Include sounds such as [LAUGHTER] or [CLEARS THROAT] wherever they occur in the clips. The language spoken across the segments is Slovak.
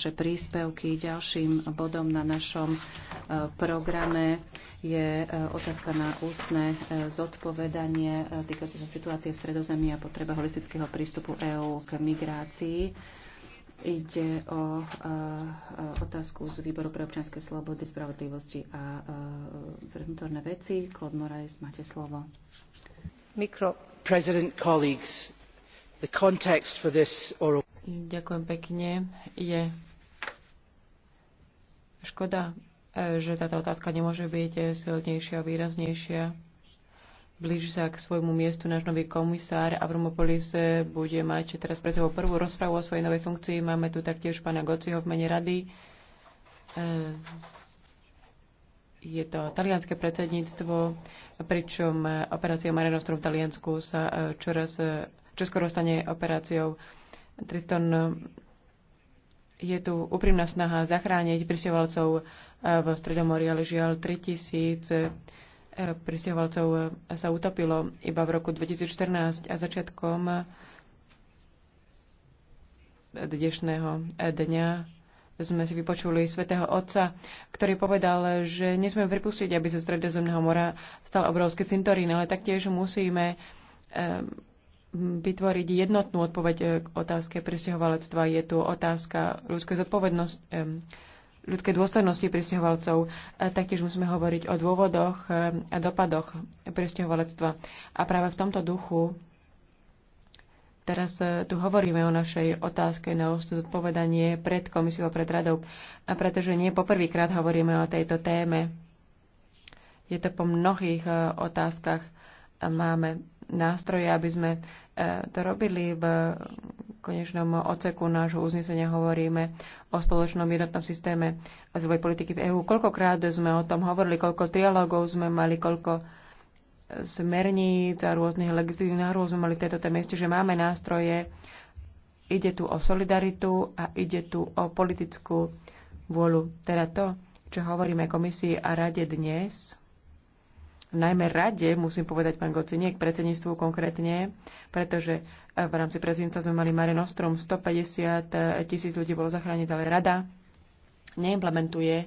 že príspevky ďalším bodom na našom e, programe je e, otázka na ústne e, zodpovedanie týkajúce sa situácie v Stredozemí a potreba holistického prístupu EÚ k migrácii. Ide o otázku z Výboru pre občianske slobody, spravodlivosti a vnútorné veci. Claude Moraes, máte slovo. Mikro. President, colleagues, the context for this oral... Ďakujem pekne. Je Škoda, e, že táto otázka nemôže byť e, silnejšia a výraznejšia. Blíž sa k svojmu miestu náš nový komisár Avromopolis e, bude mať teraz pre sebou prvú rozpravu o svojej novej funkcii. Máme tu taktiež pána Gociho v mene rady. Je to talianské predsedníctvo, pričom operácia Mare Nostrum v Taliansku sa čoraz, čoskoro stane operáciou Triston je tu úprimná snaha zachrániť prisťahovalcov e, v Stredomorí, ale žiaľ 3000 e, prisťahovalcov sa utopilo iba v roku 2014 a začiatkom dnešného dňa sme si vypočuli svätého Otca, ktorý povedal, že nesmieme pripustiť, aby sa Stredozemného mora stal obrovský cintorín, ale taktiež musíme vytvoriť jednotnú odpoveď e, k otázke pristahovalectva. Je tu otázka ľudskej zodpovednosti, ľudskej dôstojnosti pristahovalcov. E, taktiež musíme hovoriť o dôvodoch e, a dopadoch pristahovalectva. A práve v tomto duchu teraz tu hovoríme o našej otázke na ústu zodpovedanie pred komisiou a pred radou, a pretože nie poprvýkrát hovoríme o tejto téme. Je to po mnohých otázkach. Máme nástroje, aby sme e, to robili. V konečnom oceku nášho uznesenia hovoríme o spoločnom jednotnom systéme zvoj politiky v EÚ. Koľkokrát sme o tom hovorili, koľko trialogov sme mali, koľko smerníc a rôznych legislatívnych hrôz sme mali v tejto téme. ešte, že máme nástroje. Ide tu o solidaritu a ide tu o politickú vôľu. Teda to, čo hovoríme komisii a rade dnes, najmä rade, musím povedať pán k predsedníctvu konkrétne, pretože eh, v rámci prezidenta sme mali Mare Nostrum, 150 eh, tisíc ľudí bolo zachrániť, ale rada neimplementuje eh,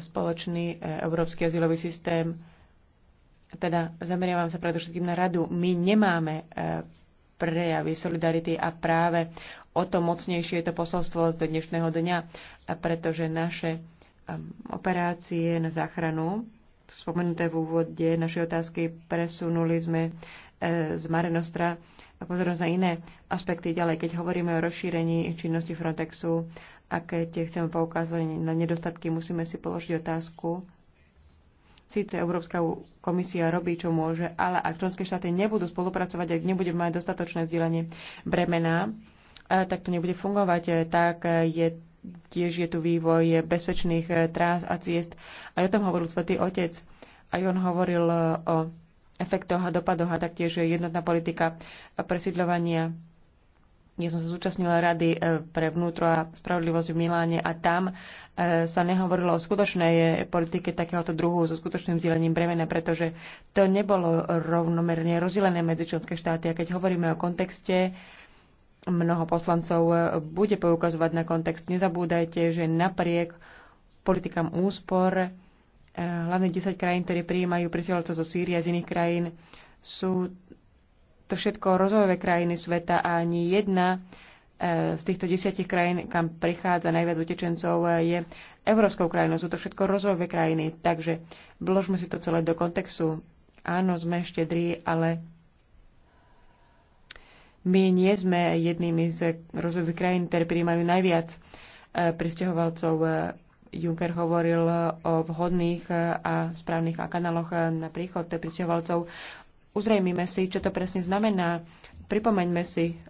spoločný európsky azylový systém. Teda zameriavam sa predovšetkým na radu. My nemáme prejavy solidarity a práve o to mocnejšie je to posolstvo z dnešného dňa, pretože naše operácie na záchranu spomenuté v úvode našej otázky, presunuli sme e, z Marenostra a pozornosť na iné aspekty ďalej, keď hovoríme o rozšírení činnosti Frontexu a keď chceme poukázať na nedostatky, musíme si položiť otázku. Sice Európska komisia robí, čo môže, ale ak členské štáty nebudú spolupracovať, ak nebudeme mať dostatočné vzdielanie bremena, e, tak to nebude fungovať. E, tak je Tiež je tu vývoj bezpečných eh, trás a ciest. Aj o tom hovoril svätý Otec. Aj on hovoril eh, o efektoch a dopadoch a taktiež eh, jednotná politika presídľovania. Ja som sa zúčastnila Rady pre vnútro a spravodlivosť v Miláne a tam sa nehovorilo o skutočnej politike takéhoto druhu so skutočným vzdelením bremena, pretože to nebolo rovnomerne rozdelené medzi členské štáty. A keď hovoríme o kontexte, mnoho poslancov e, bude poukazovať na kontext. Nezabúdajte, že napriek politikám úspor e, hlavne 10 krajín, ktoré prijímajú prisielcov zo Sýrie a z iných krajín, sú to všetko rozvojové krajiny sveta a ani jedna e, z týchto desiatich krajín, kam prichádza najviac utečencov, je európskou krajinou. Sú to všetko rozvojové krajiny, takže vložme si to celé do kontextu. Áno, sme štedrí, ale my nie sme jednými z rozvojových krajín, ktoré prijímajú najviac e, pristahovalcov. E, Juncker hovoril o vhodných e, a správnych kanáloch na príchod pristahovalcov. Uzrejmime si, čo to presne znamená. Pripomeňme si,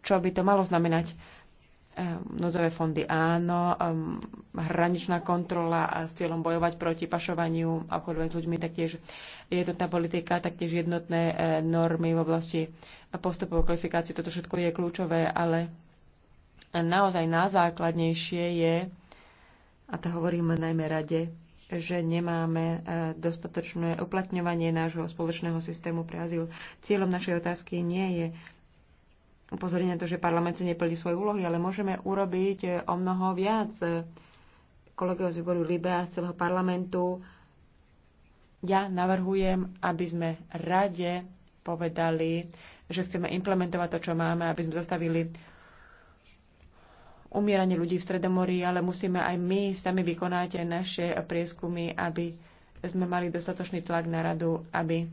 čo by to malo znamenať Ehm, núdzové fondy áno, ehm, hraničná kontrola a s cieľom bojovať proti pašovaniu a obchodovaniu s ľuďmi, taktiež jednotná politika, taktiež jednotné e, normy v oblasti postupov kvalifikácie. Toto všetko je kľúčové, ale naozaj najzákladnejšie je, a to hovoríme najmä rade, že nemáme e, dostatočné uplatňovanie nášho spoločného systému pre azyl. Cieľom našej otázky nie je upozorniť na to, že parlament si neplní svoje úlohy, ale môžeme urobiť eh, o mnoho viac. Eh, kolegov z výboru Libe a celého parlamentu, ja navrhujem, aby sme rade povedali, že chceme implementovať to, čo máme, aby sme zastavili umieranie ľudí v Stredomorí, ale musíme aj my sami vykonať naše prieskumy, aby sme mali dostatočný tlak na radu, aby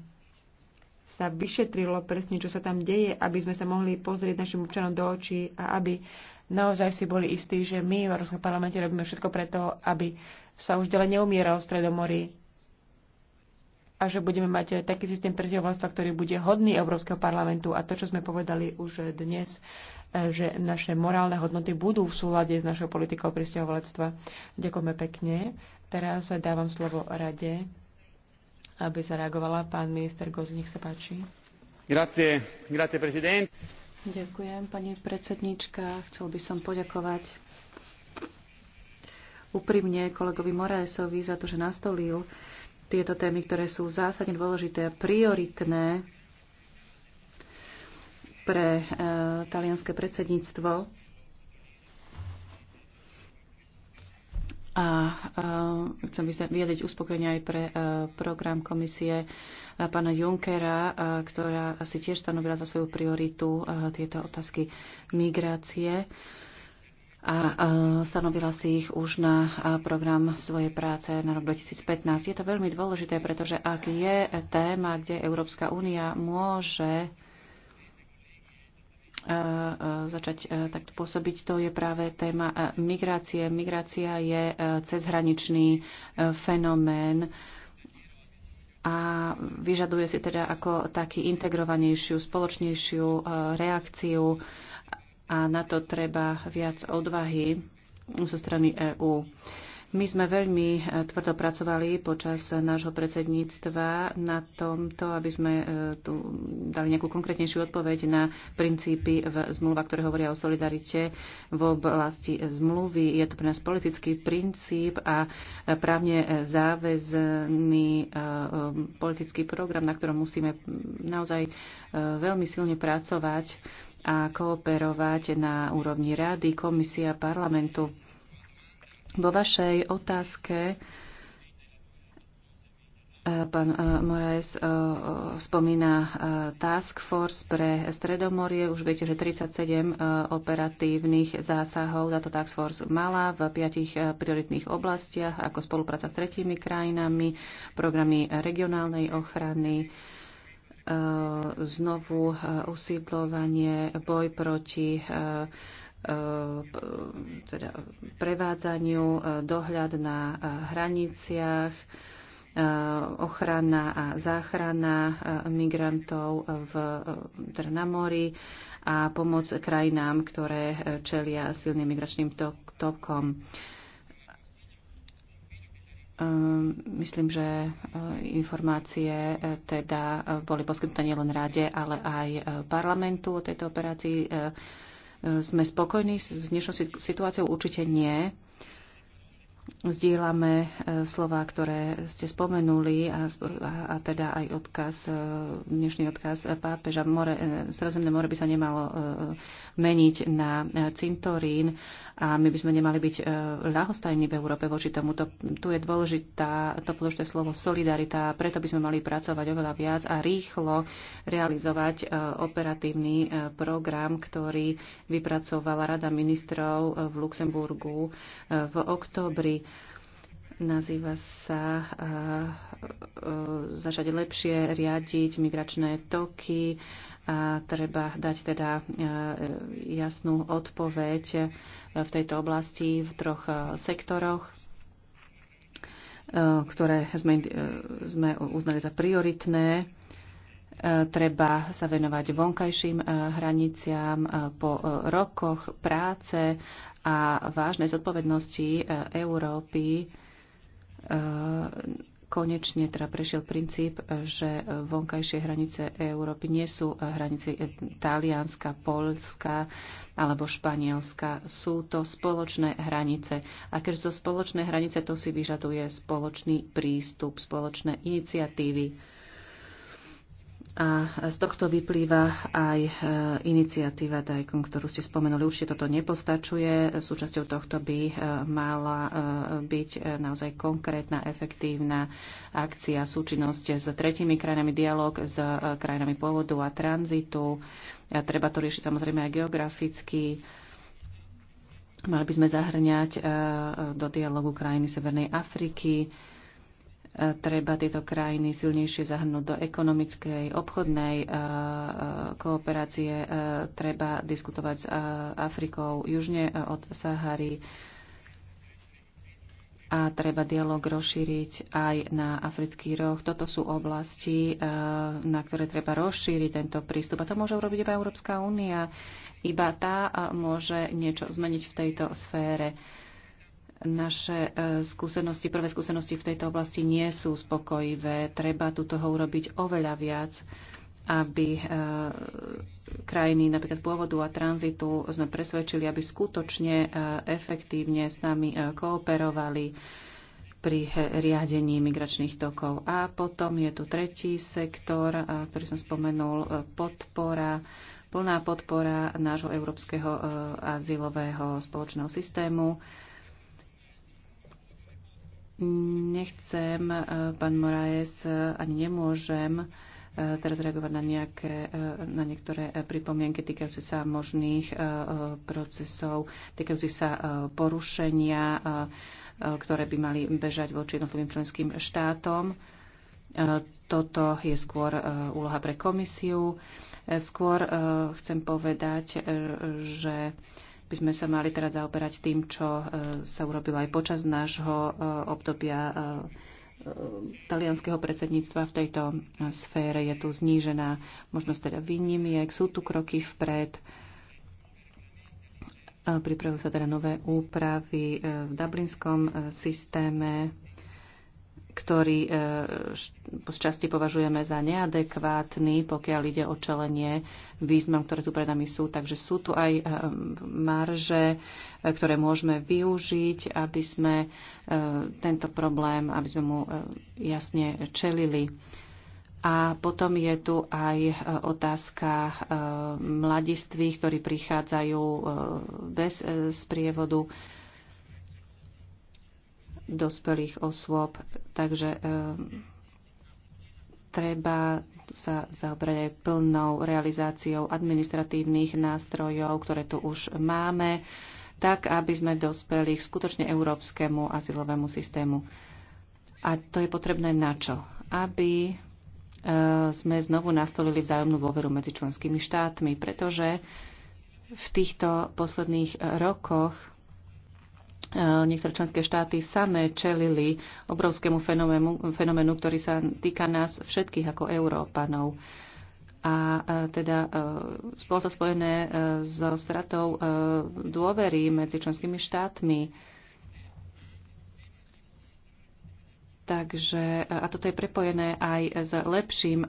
sa vyšetrilo presne, čo sa tam deje, aby sme sa mohli pozrieť našim občanom do očí a aby naozaj si boli istí, že my v Európskom parlamente robíme všetko preto, aby sa už ďalej neumieralo v Stredomorí a že budeme mať taký systém pretiahovlastva, ktorý bude hodný Európskeho parlamentu a to, čo sme povedali už dnes, že naše morálne hodnoty budú v súlade s našou politikou pristahovalectva. Ďakujeme pekne. Teraz dávam slovo rade aby zareagovala. Pán minister Goz, nech sa páči. Grazie, grazie prezident. Ďakujem, pani predsednička. Chcel by som poďakovať úprimne kolegovi Moraesovi za to, že nastolil tieto témy, ktoré sú zásadne dôležité a prioritné pre e, eh, talianské predsedníctvo A eh, chcem vyjadriť uspokojenie aj pre eh, program komisie eh, pána Junkera, ktorá si tiež stanovila za svoju prioritu tieto otázky migrácie a stanovila si ich už na program svojej práce na rok 2015. Je to veľmi dôležité, pretože ak je téma, kde Európska únia môže začať takto pôsobiť, to je práve téma migrácie. Migrácia je cezhraničný fenomén a vyžaduje si teda ako taký integrovanejšiu, spoločnejšiu reakciu a na to treba viac odvahy zo strany EÚ. My sme veľmi e, tvrdo pracovali počas nášho predsedníctva na tomto, aby sme e, tu dali nejakú konkrétnejšiu odpoveď na princípy v zmluva, ktoré hovoria o solidarite v oblasti zmluvy. Je to pre nás politický princíp a právne záväzný e, politický program, na ktorom musíme naozaj veľmi silne pracovať a kooperovať na úrovni rady, komisia, parlamentu. Vo vašej otázke e, pán e, Moraes e, spomína Task Force pre Stredomorie. Už viete, že 37 operatívnych zásahov táto Task Force mala v piatich prioritných oblastiach, ako spolupráca s tretími krajinami, programy regionálnej ochrany, znovu usídlovanie, boj proti Eh, teda prevádzaniu, eh, dohľad na eh, hraniciach, ochrana a záchrana migrantov v, teda na mori a pomoc krajinám, ktoré čelia silným migračným tokom. Myslím, že informácie teda boli poskytnuté nielen rade, ale aj parlamentu o tejto operácii sme spokojní s dnešnou situáciou? Určite nie. Zdieľame e, slova, ktoré ste spomenuli a, a teda aj odkaz, e, dnešný odkaz e, pápeža. More, Sredozemné more by sa nemalo meniť na cintorín a my by sme nemali byť ľahostajní v Európe voči To, Tu je dôležitá, to dôležité slovo solidarita, preto by sme mali pracovať oveľa viac a rýchlo realizovať operatívny program, ktorý vypracovala Rada ministrov v Luxemburgu v oktobri Nazýva sa a, a, začať lepšie riadiť migračné toky a treba dať teda jasnú odpoveď v tejto oblasti v troch sektoroch ktoré sme, e, sme uznali za prioritné treba sa venovať vonkajším hraniciám po e, rokoch práce a vážnej zodpovednosti e, Európy e, konečne teda prešiel princíp, že vonkajšie hranice Európy nie sú hranice Talianska, Polska alebo Španielska. Sú to spoločné hranice. A keďže to spoločné hranice, to si vyžaduje spoločný prístup, spoločné iniciatívy a z tohto vyplýva aj e, iniciatíva DICOM, ktorú ste spomenuli. Určite toto nepostačuje. Súčasťou tohto by e, mala e, byť naozaj konkrétna, efektívna akcia, súčinnosť s tretimi krajinami, dialog s krajinami pôvodu a tranzitu. A treba to riešiť samozrejme aj geograficky. Mali by sme zahrňať do dialogu krajiny Severnej Afriky, treba tieto krajiny silnejšie zahrnúť do ekonomickej, obchodnej eh, eh, kooperácie, eh, treba diskutovať s Afrikou južne od Sahary a treba dialog rozšíriť aj na africký roh. Toto sú oblasti, na ktoré treba rozšíriť tento prístup. A to môže urobiť iba Európska únia. Iba tá môže niečo zmeniť v tejto sfére naše e, skúsenosti, prvé skúsenosti v tejto oblasti nie sú spokojivé. Treba tu toho urobiť oveľa viac, aby e, krajiny napríklad pôvodu a tranzitu sme presvedčili, aby skutočne e, efektívne s nami kooperovali pri riadení migračných tokov. A potom je tu tretí sektor, ktorý som spomenul, podpora plná podpora nášho európskeho azylového spoločného systému. Nechcem, e, pán Moraes, e, ani nemôžem e, teraz reagovať na, nejaké, na niektoré pripomienky týkajúce sa možných procesov, týkajúce sa porušenia, ktoré by mali bežať voči jednotlivým členským štátom. Toto je skôr úloha pre komisiu. Skôr chcem povedať, že by sme sa mali teraz zaoberať tým, čo e, sa urobilo aj počas nášho e, obdobia e, talianského predsedníctva v tejto sfére. Je tu znížená možnosť teda výnimiek, sú tu kroky vpred. Pripravujú sa teda nové úpravy v dublinskom systéme ktorý e, z časti považujeme za neadekvátny, pokiaľ ide o čelenie výzvam, ktoré tu pred nami sú. Takže sú tu aj e, marže, e, ktoré môžeme využiť, aby sme tento problém, aby sme mu jasne čelili. A potom je tu aj otázka mladiství, ktorí prichádzajú bez sprievodu dospelých osôb. Takže e, treba sa zaobrať aj plnou realizáciou administratívnych nástrojov, ktoré tu už máme, tak aby sme dospeli k skutočne európskemu azylovému systému. A to je potrebné na čo? Aby e, sme znovu nastolili vzájomnú dôveru medzi členskými štátmi, pretože v týchto posledných rokoch Eh, niektoré členské štáty samé čelili obrovskému fenoménu, fenoménu, ktorý sa týka nás všetkých ako Európanov. A eh, teda eh, bolo to spojené so stratou dôvery medzi členskými štátmi. Takže, a toto je prepojené aj s lepším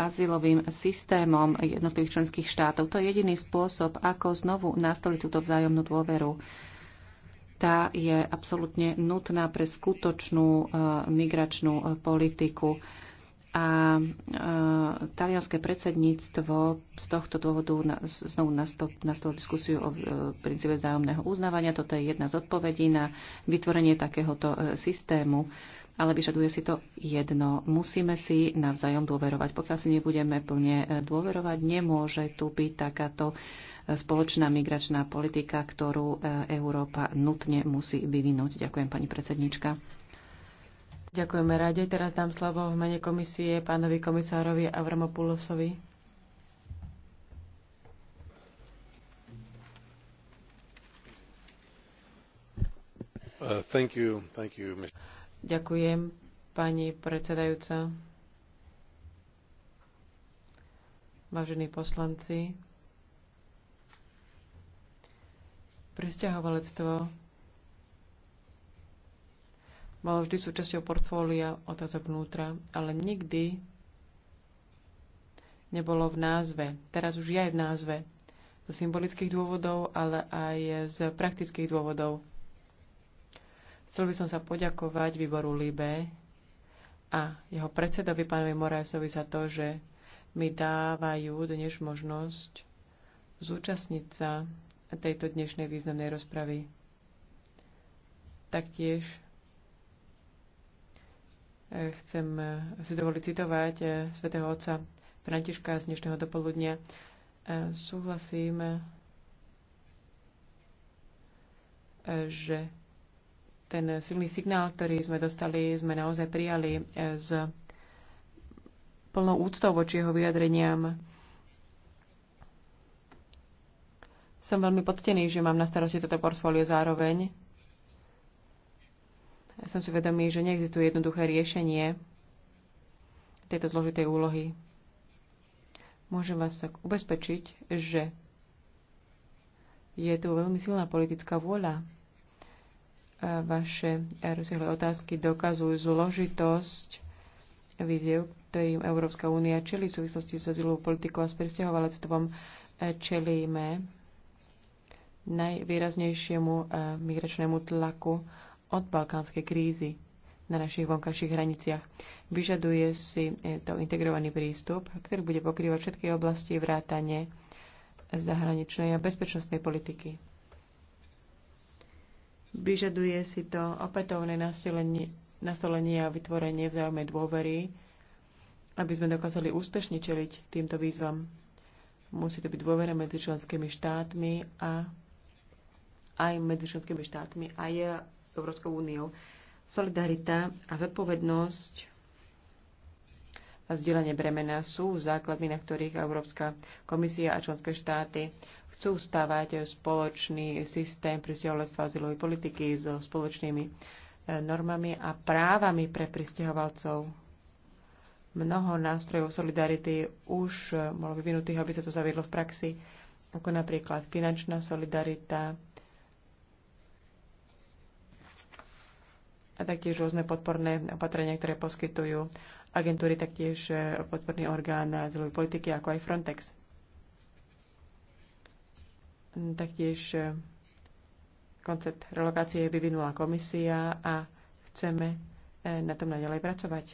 azylovým systémom jednotlivých členských štátov. To je jediný spôsob, ako znovu nastoliť túto vzájomnú dôveru tá je absolútne nutná pre skutočnú e, migračnú e, politiku. A e, talianské predsedníctvo z tohto dôvodu na, znovu nastalo diskusiu o e, princípe vzájomného uznávania. Toto je jedna z odpovedí na vytvorenie takéhoto e, systému. Ale vyžaduje si to jedno. Musíme si navzájom dôverovať. Pokiaľ si nebudeme plne e, dôverovať, nemôže tu byť takáto spoločná migračná politika, ktorú e, Európa nutne musí vyvinúť. Ďakujem, pani predsednička. Ďakujeme rade. Teraz dám slovo v mene komisie pánovi komisárovi Avramopulosovi. Uh, thank you, thank you, Ďakujem, pani predsedajúca. Vážení poslanci, Presťahovalectvo bolo vždy súčasťou portfólia otázok vnútra, ale nikdy nebolo v názve. Teraz už je aj v názve. Z symbolických dôvodov, ale aj z praktických dôvodov. Chcel by som sa poďakovať výboru Libe a jeho predsedovi pánovi Morajsovi, za to, že mi dávajú dnes možnosť zúčastniť sa tejto dnešnej významnej rozpravy. Taktiež e, chcem e, si dovoliť citovať e, svätého Otca Františka z dnešného dopoludnia. Súhlasím, že ten silný signál, ktorý sme dostali, sme naozaj prijali s plnou úctou voči jeho vyjadreniam Som veľmi poctený, že mám na starosti toto portfólio zároveň. Ja som si vedomý, že neexistuje jednoduché riešenie tejto zložitej úlohy. Môžem vás tak ubezpečiť, že je tu veľmi silná politická vôľa. Vaše rozsiahle otázky dokazujú zložitosť výziev, ktorým Európska únia čeli v súvislosti s azylovou politikou a s pristahovalectvom e, čelíme najvýraznejšiemu eh, migračnému tlaku od balkánskej krízy na našich vonkajších hraniciach. Vyžaduje si eh, to integrovaný prístup, ktorý bude pokrývať všetky oblasti vrátane zahraničnej a bezpečnostnej politiky. Vyžaduje si to opätovné nastolenie, a vytvorenie vzájomnej dôvery, aby sme dokázali úspešne čeliť týmto výzvam. Musí to byť dôvera medzi členskými štátmi a aj medzi členskými štátmi, aj Európskou úniou. Solidarita a zodpovednosť a zdieľanie bremena sú základmi, na ktorých Európska komisia a členské štáty chcú stavať spoločný systém a azylovej politiky so spoločnými eh, normami a právami pre pristiehovalcov. Mnoho nástrojov solidarity už bolo eh, vyvinutých, aby sa to zaviedlo v praxi, ako napríklad finančná solidarita, a taktiež rôzne podporné opatrenia, ktoré poskytujú agentúry, taktiež e, podporný orgán azylovej politiky, ako aj Frontex. Taktiež e, koncept relokácie vyvinula komisia a chceme e, na tom naďalej pracovať.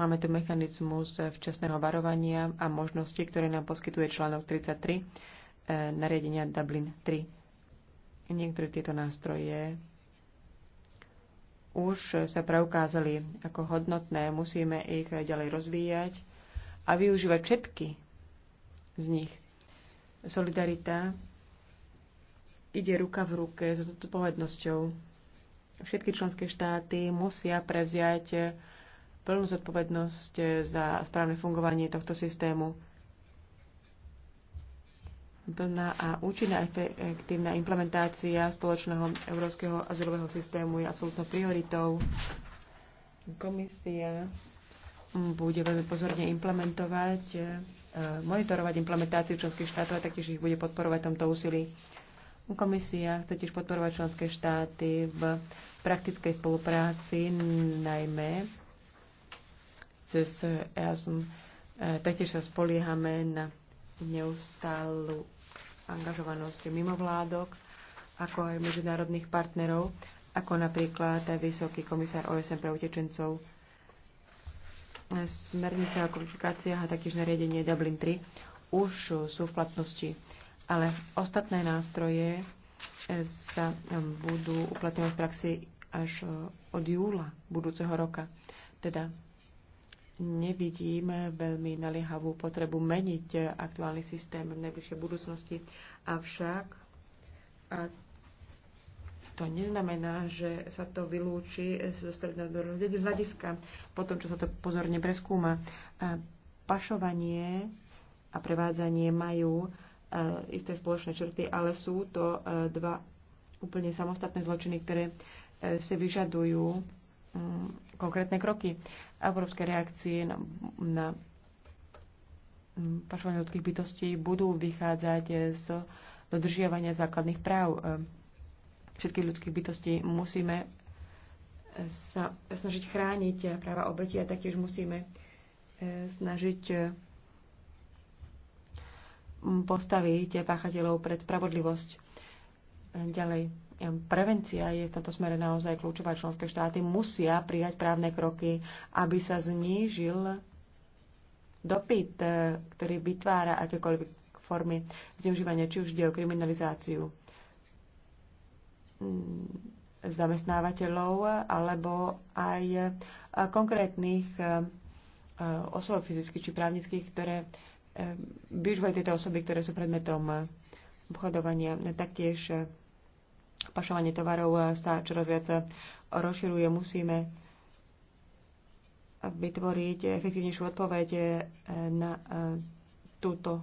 Máme tu mechanizmus včasného varovania a možnosti, ktoré nám poskytuje článok 33 nariadenia Dublin 3. Niektoré tieto nástroje už sa preukázali ako hodnotné, musíme ich ďalej rozvíjať a využívať všetky z nich. Solidarita ide ruka v ruke so zodpovednosťou. Všetky členské štáty musia prevziať plnú zodpovednosť za správne fungovanie tohto systému plná a účinná efektívna implementácia spoločného európskeho azylového systému je absolútnou prioritou. Komisia bude veľmi pozorne implementovať, e, monitorovať implementáciu členských štátov a taktiež ich bude podporovať v tomto úsilí. Komisia chce tiež podporovať členské štáty v praktickej spolupráci, najmä cez EASM. E, taktiež sa spoliehame na neustálu angažovanosť mimovládok, ako aj medzinárodných partnerov, ako napríklad aj vysoký komisár OSN pre utečencov, smernica o kvalifikáciách a takéž nariadenie Dublin 3 už sú v platnosti, ale ostatné nástroje eh, sa eh, budú uplatňovať v praxi až eh, od júla budúceho roka. Teda nevidím veľmi naliehavú potrebu meniť aktuálny systém v najbližšej budúcnosti. Avšak a to neznamená, že sa to vylúči zo stredného hľadiska po tom, čo sa to pozorne preskúma. Pašovanie a prevádzanie majú e, isté spoločné črty, ale sú to e, dva úplne samostatné zločiny, ktoré e, si vyžadujú mm, konkrétne kroky európske reakcie na, na pašovanie ľudských bytostí budú vychádzať z dodržiavania základných práv všetkých ľudských bytostí. Musíme sa snažiť chrániť práva obeti a taktiež musíme e, snažiť e, postaviť páchateľov pred spravodlivosť. E, ďalej Prevencia je v tomto smere naozaj kľúčová. Členské štáty musia prijať právne kroky, aby sa znížil dopyt, e, ktorý vytvára akékoľvek formy zneužívania, či už ide o kriminalizáciu zamestnávateľov alebo aj e, konkrétnych e, osôb fyzických či právnických, ktoré využívajú tieto osoby, ktoré sú predmetom obchodovania. Taktiež pašovanie tovarov sa čoraz viac rozširuje. Musíme vytvoriť efektívnejšiu odpoveď na e, túto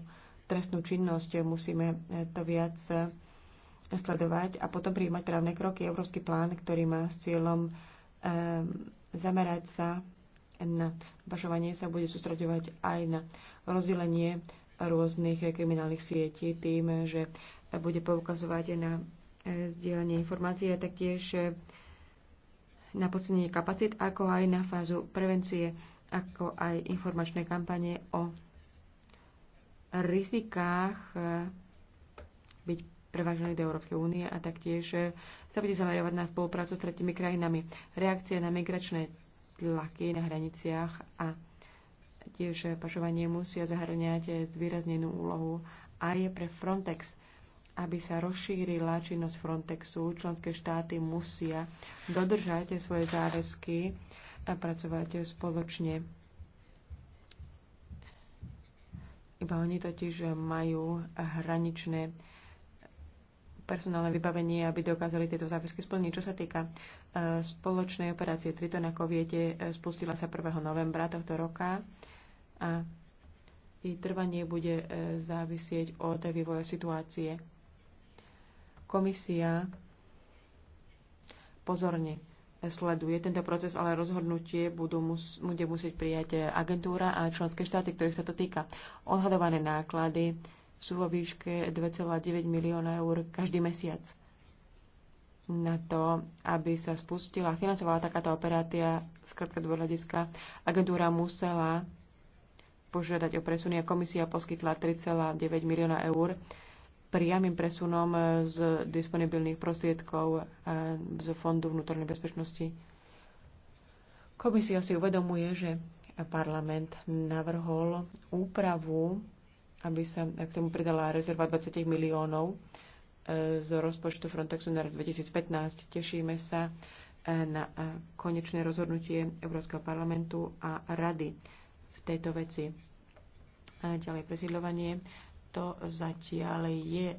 trestnú činnosť. Musíme to viac sledovať a potom prijímať právne kroky. Európsky plán, ktorý má s cieľom e, zamerať sa na pašovanie, sa bude sústredovať aj na rozdelenie rôznych kriminálnych sietí tým, že bude poukazovať na E, zdieľanie informácií a taktiež e, na posilnenie kapacít, ako aj na fázu prevencie, ako aj informačné kampanie o rizikách e, byť prevážený do Európskej únie a taktiež sa bude zameriavať na spoluprácu s tretimi krajinami, reakcie na migračné tlaky na hraniciach a tiež pašovanie musia zahrňať zvýraznenú úlohu aj pre Frontex aby sa rozšírila činnosť Frontexu, členské štáty musia dodržať svoje záväzky a pracovať spoločne. Iba oni totiž majú hraničné personálne vybavenie, aby dokázali tieto záväzky splniť. Čo sa týka e, spoločnej operácie Triton, ako viete, e, spustila sa 1. novembra tohto roka a jej trvanie bude e, závisieť od vývoja situácie. Komisia pozorne sleduje tento proces, ale rozhodnutie budú mus, bude musieť prijať agentúra a členské štáty, ktorých sa to týka. Odhadované náklady sú vo výške 2,9 milióna eur každý mesiac na to, aby sa spustila a financovala takáto operácia z krátka hľadiska. Agentúra musela požiadať o presuny a komisia poskytla 3,9 milióna eur priamým presunom e, z disponibilných prostriedkov e, z Fondu vnútornej bezpečnosti. Komisia si uvedomuje, že parlament navrhol úpravu, aby sa k tomu pridala rezerva 20 miliónov e, z rozpočtu Frontexu na rok 2015. Tešíme sa na konečné rozhodnutie Európskeho parlamentu a rady v tejto veci. Ďalej presídľovanie to zatiaľ je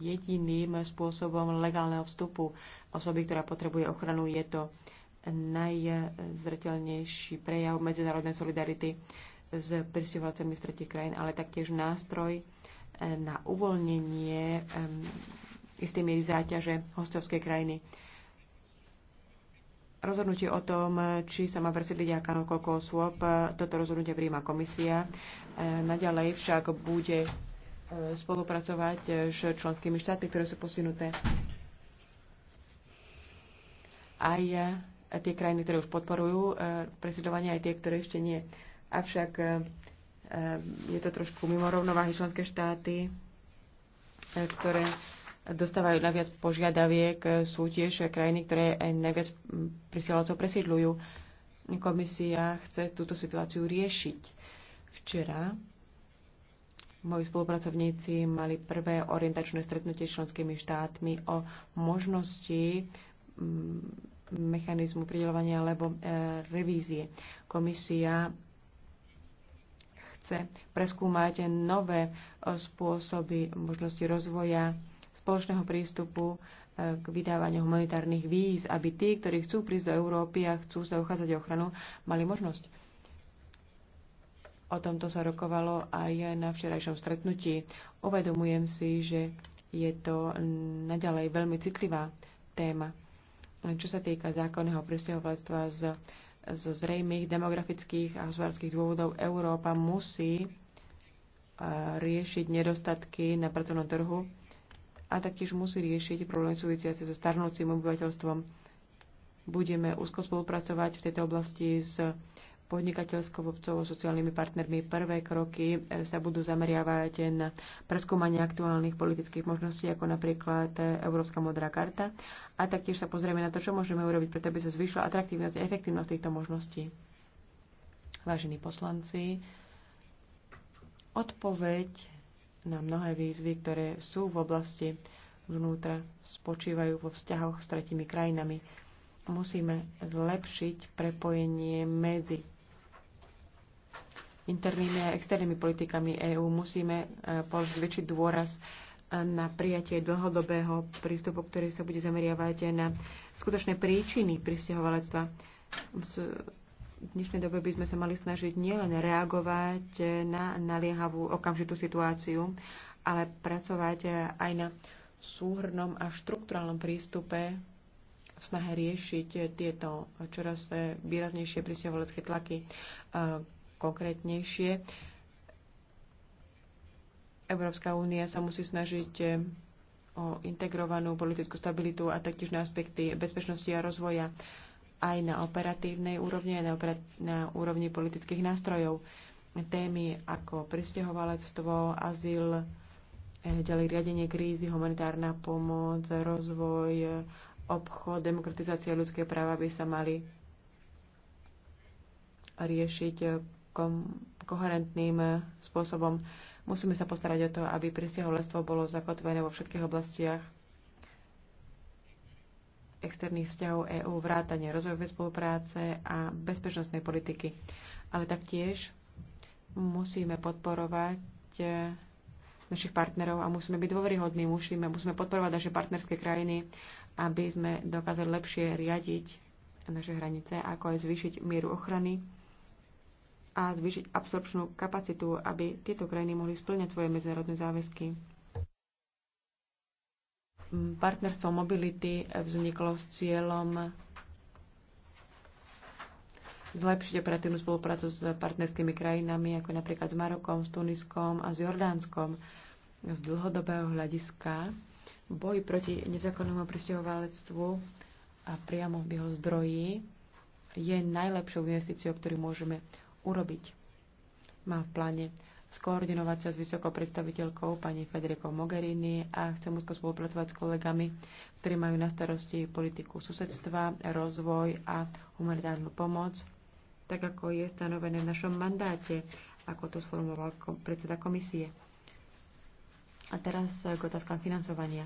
jediným spôsobom legálneho vstupu osoby, ktorá potrebuje ochranu. Je to najzretelnejší prejav medzinárodnej solidarity s prisťovalcami z tretich krajín, ale taktiež nástroj eh, na uvoľnenie eh, istej miery záťaže hostovskej krajiny. Rozhodnutie o tom, či sa má presídliť aká koľko osôb, eh, toto rozhodnutie príjma komisia. Naďalej však bude E, spolupracovať e, s členskými štátmi, ktoré sú posunuté. Aj e, tie krajiny, ktoré už podporujú presidovanie, aj tie, ktoré ešte nie. Avšak je to trošku mimo rovnováhy členské štáty, ktoré dostávajú najviac požiadaviek, sú tiež krajiny, ktoré najviac prisielacov presídľujú. Komisia chce túto situáciu riešiť. Včera Moji spolupracovníci mali prvé orientačné stretnutie s členskými štátmi o možnosti mm, mechanizmu pridelovania alebo e, revízie. Komisia chce preskúmať nové e, spôsoby možnosti rozvoja spoločného prístupu e, k vydávaniu humanitárnych víz, aby tí, ktorí chcú prísť do Európy a chcú sa uchádzať o ochranu, mali možnosť O tomto sa rokovalo aj na včerajšom stretnutí. Uvedomujem si, že je to naďalej veľmi citlivá téma. Čo sa týka zákonného presťahovalstva z, z zrejmých demografických a hospodárskych dôvodov, Európa musí e, riešiť nedostatky na pracovnom trhu a taktiež musí riešiť problémy súvisiace so starnúcim obyvateľstvom. Budeme úzko spolupracovať v tejto oblasti s podnikateľskou obcov, sociálnymi partnermi. Prvé kroky eh, sa budú zameriavať na preskúmanie aktuálnych politických možností, ako napríklad eh, Európska modrá karta. A taktiež sa pozrieme na to, čo môžeme urobiť, preto aby sa zvýšila atraktívnosť a efektívnosť týchto možností. Vážení poslanci, odpoveď na mnohé výzvy, ktoré sú v oblasti vnútra, spočívajú vo vzťahoch s tretimi krajinami musíme zlepšiť prepojenie medzi internými a externými politikami EÚ musíme e, položiť väčší dôraz e, na prijatie dlhodobého prístupu, ktorý sa bude zameriavať aj na skutočné príčiny pristahovalectva. V dnešnej dobe by sme sa mali snažiť nielen reagovať e, na naliehavú okamžitú situáciu, ale pracovať aj na súhrnom a štruktúrálnom prístupe v snahe riešiť tieto čoraz výraznejšie pristahovalecké tlaky konkrétnejšie. Európska únia sa musí snažiť eh, o integrovanú politickú stabilitu a taktiež na aspekty bezpečnosti a rozvoja aj na operatívnej úrovni, aj na, opera- na úrovni politických nástrojov. Témy ako pristahovalectvo, azyl, eh, ďalej riadenie krízy, humanitárna pomoc, rozvoj, eh, obchod, demokratizácia ľudské práva by sa mali riešiť kom, koherentným eh, spôsobom. Musíme sa postarať o to, aby pristahovalstvo bolo zakotvené vo všetkých oblastiach externých vzťahov EÚ, vrátanie rozvojovej spolupráce a bezpečnostnej politiky. Ale taktiež musíme podporovať eh, našich partnerov a musíme byť dôveryhodní, musíme, musíme podporovať naše partnerské krajiny, aby sme dokázali lepšie riadiť naše hranice, ako aj zvýšiť mieru ochrany a zvýšiť absorpčnú kapacitu, aby tieto krajiny mohli splňať svoje medzinárodné záväzky. Partnerstvo mobility vzniklo s cieľom zlepšiť operatívnu spoluprácu s partnerskými krajinami, ako napríklad s Marokom, s Tuniskom a s Jordánskom. Z dlhodobého hľadiska boj proti nezákonnému pristahovalectvu a priamo v jeho zdroji je najlepšou investíciou, ktorú môžeme urobiť. Mám v pláne skoordinovať sa s vysokou predstaviteľkou pani Federico Mogherini a chcem úzko spolupracovať s kolegami, ktorí majú na starosti politiku susedstva, rozvoj a humanitárnu pomoc, tak ako je stanovené v našom mandáte, ako to sformuloval predseda komisie. A teraz k otázkam financovania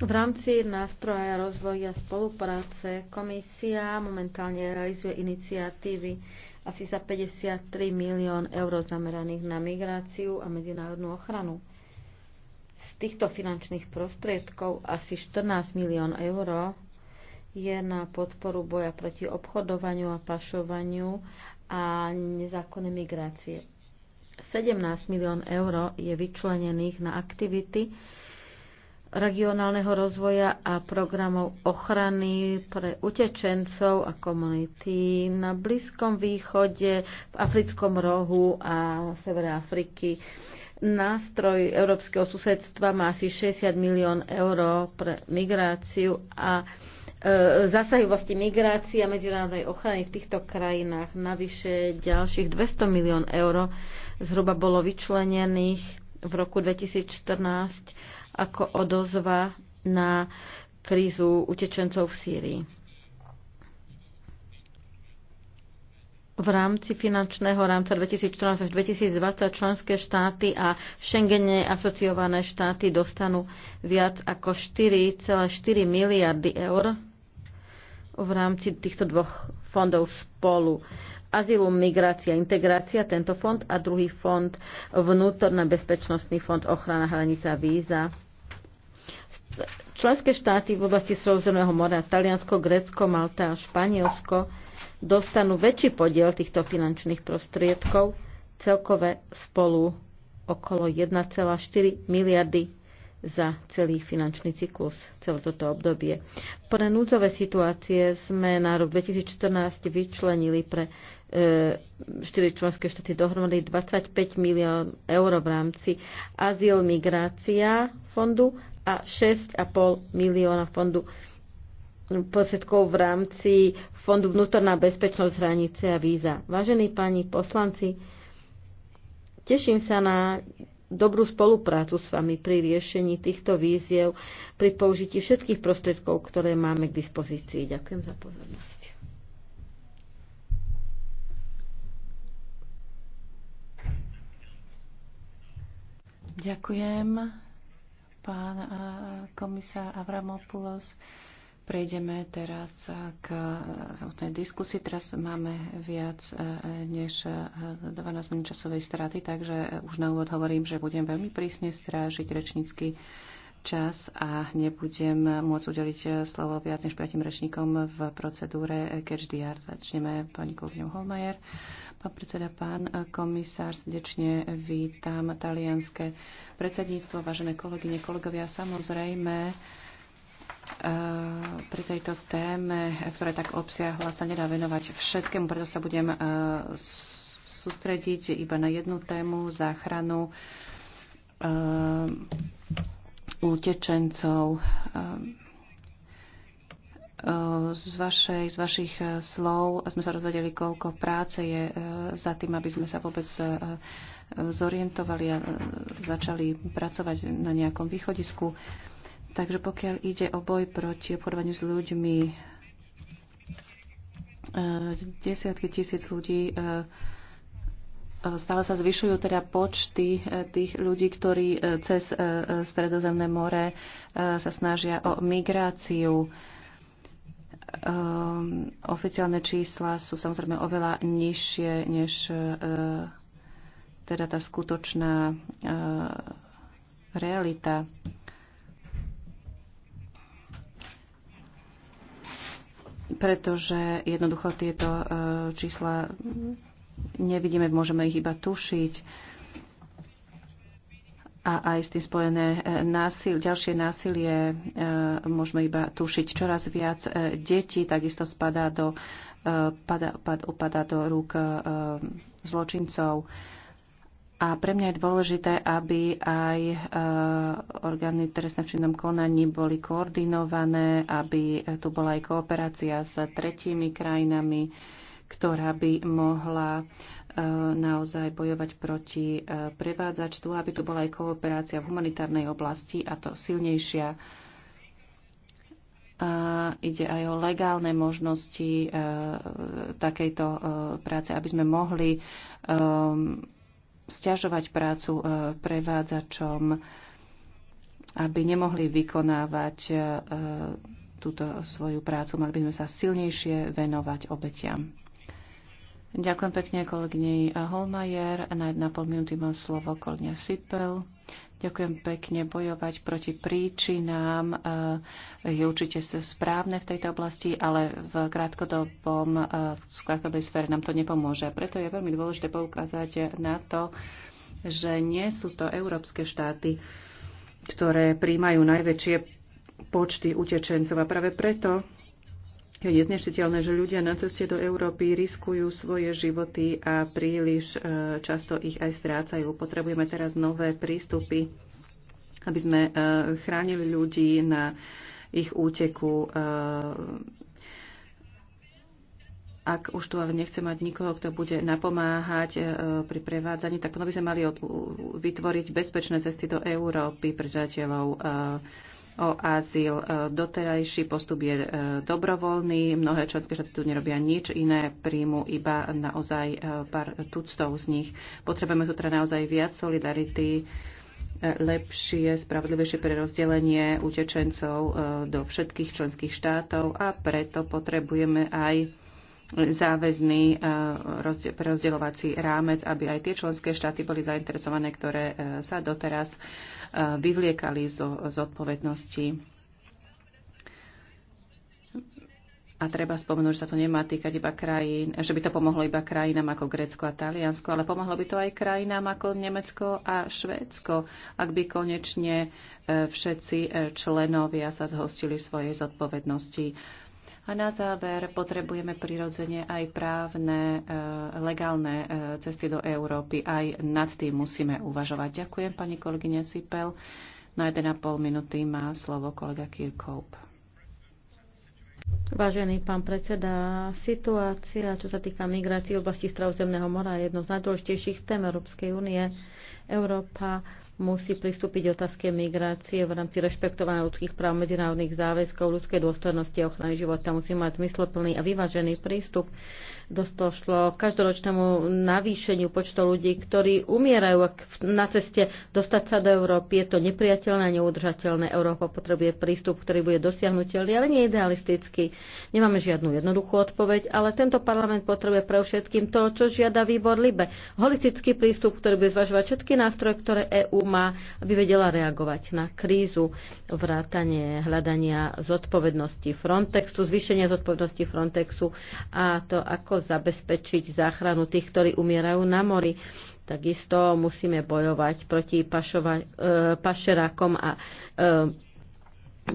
v rámci nástroja rozvoja spolupráce komisia momentálne realizuje iniciatívy asi za 53 milión eur zameraných na migráciu a medzinárodnú ochranu. Z týchto finančných prostriedkov asi 14 milión eur je na podporu boja proti obchodovaniu a pašovaniu a nezákonnej migrácie. 17 milión eur je vyčlenených na aktivity, regionálneho rozvoja a programov ochrany pre utečencov a komunity na Blízkom východe, v Africkom rohu a Severe Afriky. Nástroj európskeho susedstva má asi 60 milión eur pre migráciu a e, zasahivosti migrácie a medzinárodnej ochrany v týchto krajinách. Navyše ďalších 200 milión eur zhruba bolo vyčlenených v roku 2014 ako odozva na krízu utečencov v Sýrii. V rámci finančného rámca 2014 až 2020 členské štáty a Schengene asociované štáty dostanú viac ako 4,4 miliardy eur v rámci týchto dvoch fondov spolu. Azylum, migrácia, integrácia, tento fond a druhý fond, vnútorná bezpečnostný fond, ochrana hranica, víza členské štáty v oblasti Sredozemného mora, Taliansko, Grécko, Malta a Španielsko, dostanú väčší podiel týchto finančných prostriedkov, celkové spolu okolo 1,4 miliardy za celý finančný cyklus, celé toto obdobie. Pre núdzové situácie sme na rok 2014 vyčlenili pre e, 4 členské štáty dohromady 25 milión eur v rámci azyl migrácia fondu a 6,5 milióna fondu posledkov v rámci Fondu vnútorná bezpečnosť hranice a víza. Vážení páni poslanci, teším sa na dobrú spoluprácu s vami pri riešení týchto víziev, pri použití všetkých prostriedkov, ktoré máme k dispozícii. Ďakujem za pozornosť. Ďakujem, pán eh, komisár Avramopoulos. Prejdeme teraz k samotnej diskusii. Teraz máme viac e, než 12 e, minút časovej straty, takže už na úvod hovorím, že budem veľmi prísne strážiť rečnícky čas a nebudem môcť udeliť e, slovo viac než 5 rečníkom v procedúre Catch DR. Začneme pani Kovňou Holmajer. Pán predseda, pán komisár, srdečne vítam talianské predsedníctvo, vážené kolegyne, kolegovia. Samozrejme, pri tejto téme, ktorá tak obsiahla, sa nedá venovať všetkému, preto sa budem e, sústrediť iba na jednu tému, záchranu e, utečencov. E, z, vašej, z vašich slov sme sa rozvedeli, koľko práce je za tým, aby sme sa vôbec zorientovali a začali pracovať na nejakom východisku. Takže pokiaľ ide o boj proti obchodovaniu s ľuďmi, e, desiatky tisíc ľudí e, e, stále sa zvyšujú teda počty tých ľudí, ktorí cez Stredozemné more sa snažia o migráciu. Oficiálne čísla sú samozrejme oveľa nižšie než teda tá skutočná realita. pretože jednoducho tieto e, čísla nevidíme, môžeme ich iba tušiť a aj s tým spojené e, násil, ďalšie násilie e, môžeme iba tušiť. Čoraz viac detí takisto spadá do, pada, pad, upadá do rúk zločincov. A pre mňa je dôležité, aby aj e, orgány trestné v činnom konaní boli koordinované, aby tu bola aj kooperácia s tretími krajinami, ktorá by mohla e, naozaj bojovať proti e, prevádzačstvu, aby tu bola aj kooperácia v humanitárnej oblasti a to silnejšia. A ide aj o legálne možnosti takejto práce, aby sme mohli stiažovať prácu e, prevádzačom, aby nemohli vykonávať e, túto svoju prácu. Mali by sme sa silnejšie venovať obetiam. Ďakujem pekne kolegyni Holmajer. Na jedna pol minúty mám slovo kolegyňa Sipel. Ďakujem pekne. Bojovať proti príčinám eh, je určite správne v tejto oblasti, ale v, krátkodobom, eh, v krátkodobej sfére nám to nepomôže. Preto je veľmi dôležité poukázať na to, že nie sú to európske štáty, ktoré príjmajú najväčšie počty utečencov. A práve preto je neznešiteľné, že ľudia na ceste do Európy riskujú svoje životy a príliš e, často ich aj strácajú. Potrebujeme teraz nové prístupy, aby sme e, chránili ľudí na ich úteku. E, ak už tu ale nechce mať nikoho, kto bude napomáhať pri prevádzaní, tak potom by sme mali vytvoriť bezpečné cesty do Európy pre žiateľov o azyl. E, doterajší postup je e, dobrovoľný, mnohé členské štáty tu nerobia nič iné, príjmu iba naozaj e, pár tuctov z nich. Potrebujeme tu teda naozaj viac solidarity, lepšie, spravodlivejšie prerozdelenie utečencov do všetkých členských štátov a preto potrebujeme aj záväzný prerozdeľovací rámec, aby aj tie členské štáty boli zainteresované, ktoré sa doteraz vyvliekali zo zodpovednosti. A treba spomenúť, že sa to nemá týkať iba krajín, že by to pomohlo iba krajinám ako Grécko a Taliansko, ale pomohlo by to aj krajinám ako Nemecko a Švédsko, ak by konečne eh, všetci eh, členovia sa zhostili svojej zodpovednosti. A na záver potrebujeme prirodzene aj právne, e, legálne e, cesty do Európy. Aj nad tým musíme uvažovať. Ďakujem pani kolegyne Sipel. Na 1,5 minúty má slovo kolega Kirkhope. Vážený pán predseda, situácia, čo sa týka migrácie v oblasti Stravozemného mora, je jedno z najdôležitejších tém Európskej únie. Európa musí pristúpiť otázke migrácie v rámci rešpektovania ľudských práv, medzinárodných záväzkov, ľudskej dôstojnosti a ochrany života. Musí mať zmysloplný a vyvážený prístup došlo k každoročnému navýšeniu počtu ľudí, ktorí umierajú na ceste dostať sa do Európy. Je to nepriateľné a neudržateľné. Európa potrebuje prístup, ktorý bude dosiahnutelný, ale nie idealistický. Nemáme žiadnu jednoduchú odpoveď, ale tento parlament potrebuje pre všetkým to, čo žiada výbor Libe. Holistický prístup, ktorý bude zvažovať všetky nástroje, ktoré EÚ má, aby vedela reagovať na krízu, vrátanie hľadania zodpovednosti Frontexu, zvýšenia zodpovednosti Frontexu a to, ako ako zabezpečiť záchranu tých, ktorí umierajú na mori. Takisto musíme bojovať proti pašova, e, pašerákom a e,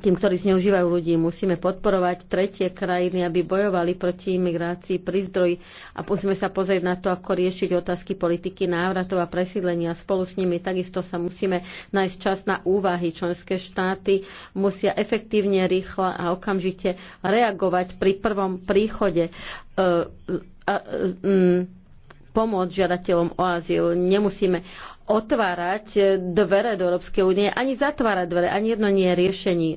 tým, ktorí zneužívajú ľudí. Musíme podporovať tretie krajiny, aby bojovali proti imigrácii pri zdroji a musíme sa pozrieť na to, ako riešiť otázky politiky návratov a presídlenia. Spolu s nimi takisto sa musíme nájsť čas na úvahy. Členské štáty musia efektívne, rýchlo a okamžite reagovať pri prvom príchode Mm, pomôcť žiadateľom o azyl. Nemusíme otvárať dvere do Európskej únie, ani zatvárať dvere, ani jedno nie je riešení.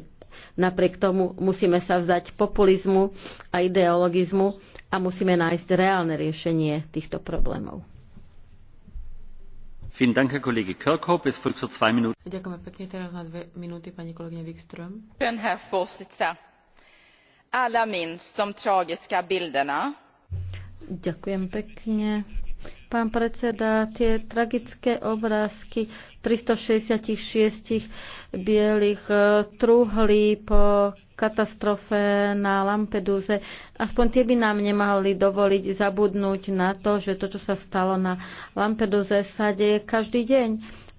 Napriek tomu musíme sa vzdať populizmu a ideologizmu a musíme nájsť reálne riešenie týchto problémov. Ďakujem pekne. Teraz na dve minúty pani kolegyne Wikström. Alla minns de tragiska bilderna. Ďakujem pekne. Pán predseda, tie tragické obrázky 366 bielých e, truhlí po katastrofe na Lampedúze. Aspoň tie by nám nemali dovoliť zabudnúť na to, že to, čo sa stalo na Lampeduse, sa deje každý deň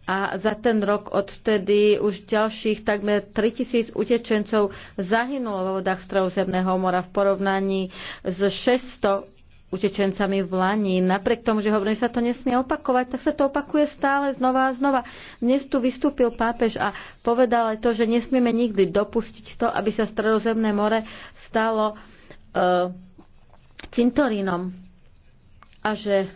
a za ten rok odtedy už ďalších takmer 3000 utečencov zahynulo vo vodách Stredozemného mora v porovnaní s 600 utečencami v Lani. Napriek tomu, že hovorí, že sa to nesmie opakovať, tak sa to opakuje stále znova a znova. Dnes tu vystúpil pápež a povedal aj to, že nesmieme nikdy dopustiť to, aby sa Stredozemné more stalo uh, cintorínom a že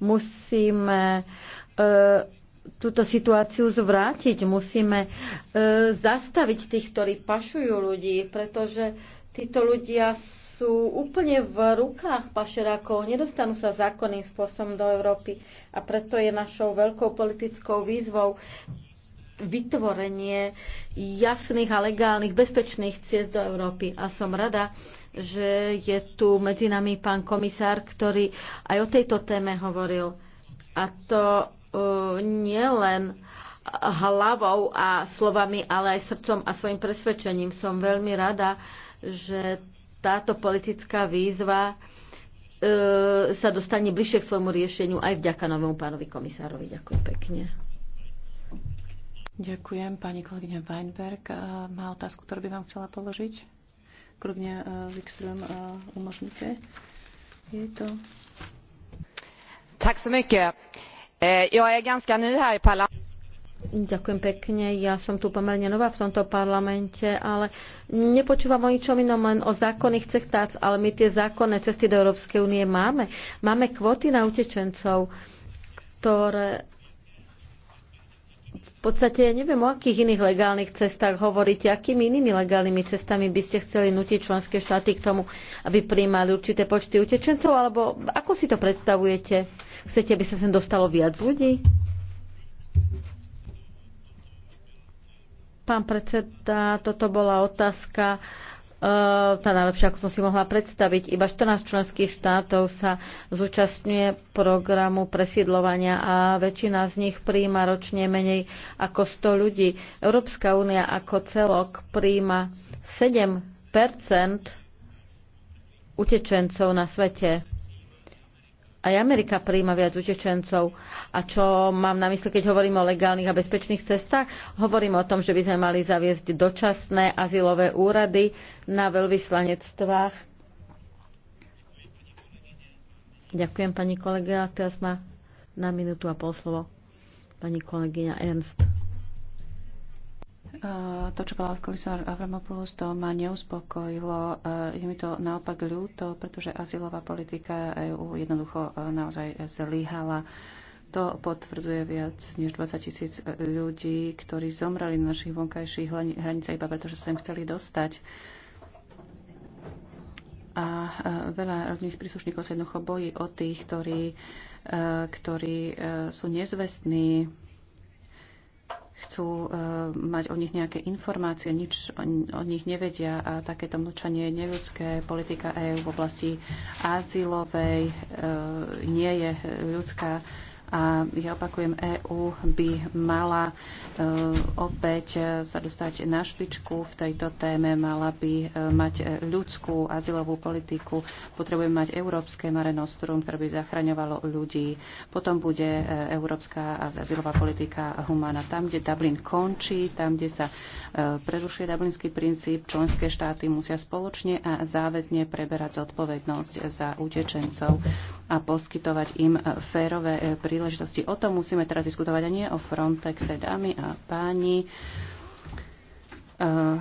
musíme uh, túto situáciu zvrátiť. Musíme e, zastaviť tých, ktorí pašujú ľudí, pretože títo ľudia sú úplne v rukách pašerákov, nedostanú sa zákonným spôsobom do Európy a preto je našou veľkou politickou výzvou vytvorenie jasných a legálnych bezpečných ciest do Európy. A som rada, že je tu medzi nami pán komisár, ktorý aj o tejto téme hovoril. A to E, nielen hlavou a slovami, ale aj srdcom a svojim presvedčením. Som veľmi rada, že táto politická výzva e, sa dostane bližšie k svojmu riešeniu aj vďaka novému pánovi komisárovi. Ďakujem pekne. Ďakujem. Pani kolegyňa Weinberg e, má otázku, ktorú by vám chcela položiť. Krugňa Wikström, umožnite. Je to... Tak som mycket. Eh, jag är ganska ny här i parlamentet. Ďakujem pekne. Ja som tu pomerne nová v tomto parlamente, ale nepočúvam o ničom inom, len o zákonných cestách, ale my tie zákonné cesty do Európskej únie máme. Máme kvóty na utečencov, ktoré v podstate ja neviem, o akých iných legálnych cestách hovoríte, akými inými legálnymi cestami by ste chceli nutiť členské štáty k tomu, aby prijímali určité počty utečencov, alebo ako si to predstavujete? Chcete, aby sa sem dostalo viac ľudí? Pán predseda, toto bola otázka e, tá najlepšia, ako som si mohla predstaviť. Iba 14 členských štátov sa zúčastňuje programu presiedlovania a väčšina z nich príjma ročne menej ako 100 ľudí. Európska únia ako celok príjma 7 utečencov na svete. Aj Amerika príjma viac utečencov. A čo mám na mysli, keď hovorím o legálnych a bezpečných cestách? Hovorím o tom, že by sme mali zaviesť dočasné azylové úrady na veľvyslanectvách. Ďakujem, pani kolegia. Teraz má na minútu a pol slovo pani kolegyňa Ernst. To, čo povedal komisár Avramopoulos, to ma neuspokojilo. Je mi to naopak ľúto, pretože asilová politika EU jednoducho e, naozaj zlyhala. To potvrdzuje viac než 20 tisíc e, ľudí, ktorí zomreli na našich vonkajších hranicách iba preto, že sa im chceli dostať. A e, veľa rodných príslušníkov sa jednoducho bojí o tých, ktorí, ktorí sú nezvestní, chcú e, mať o nich nejaké informácie, nič o nich nevedia a takéto mlčanie je neľudské. Politika EÚ v oblasti azylovej e, nie je ľudská a ja opakujem, EÚ by mala e, opäť e, sa dostať na špičku v tejto téme, mala by e, mať ľudskú azylovú politiku, potrebujeme mať európske marenostrum, ktoré by zachraňovalo ľudí. Potom bude európska azylová politika humana. Tam, kde Dublin končí, tam, kde sa prerušuje dublinský princíp, členské štáty musia spoločne a záväzne preberať zodpovednosť za utečencov a poskytovať im férové príležitosti príležitosti. O tom musíme teraz diskutovať a nie o Frontexe, dámy a páni. Uh,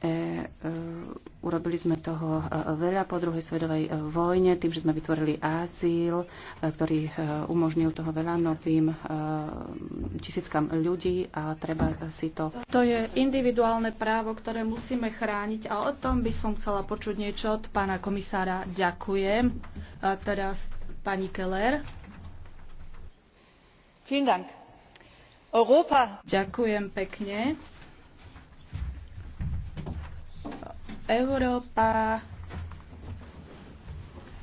e, uh, urobili sme toho uh, veľa po druhej svetovej uh, vojne, tým, že sme vytvorili azyl, uh, ktorý uh, umožnil toho veľa novým uh, tisíckam ľudí a treba si to... To je individuálne právo, ktoré musíme chrániť a o tom by som chcela počuť niečo od pána komisára. Ďakujem. A teraz pani Keller. Ďakujem pekne. Európa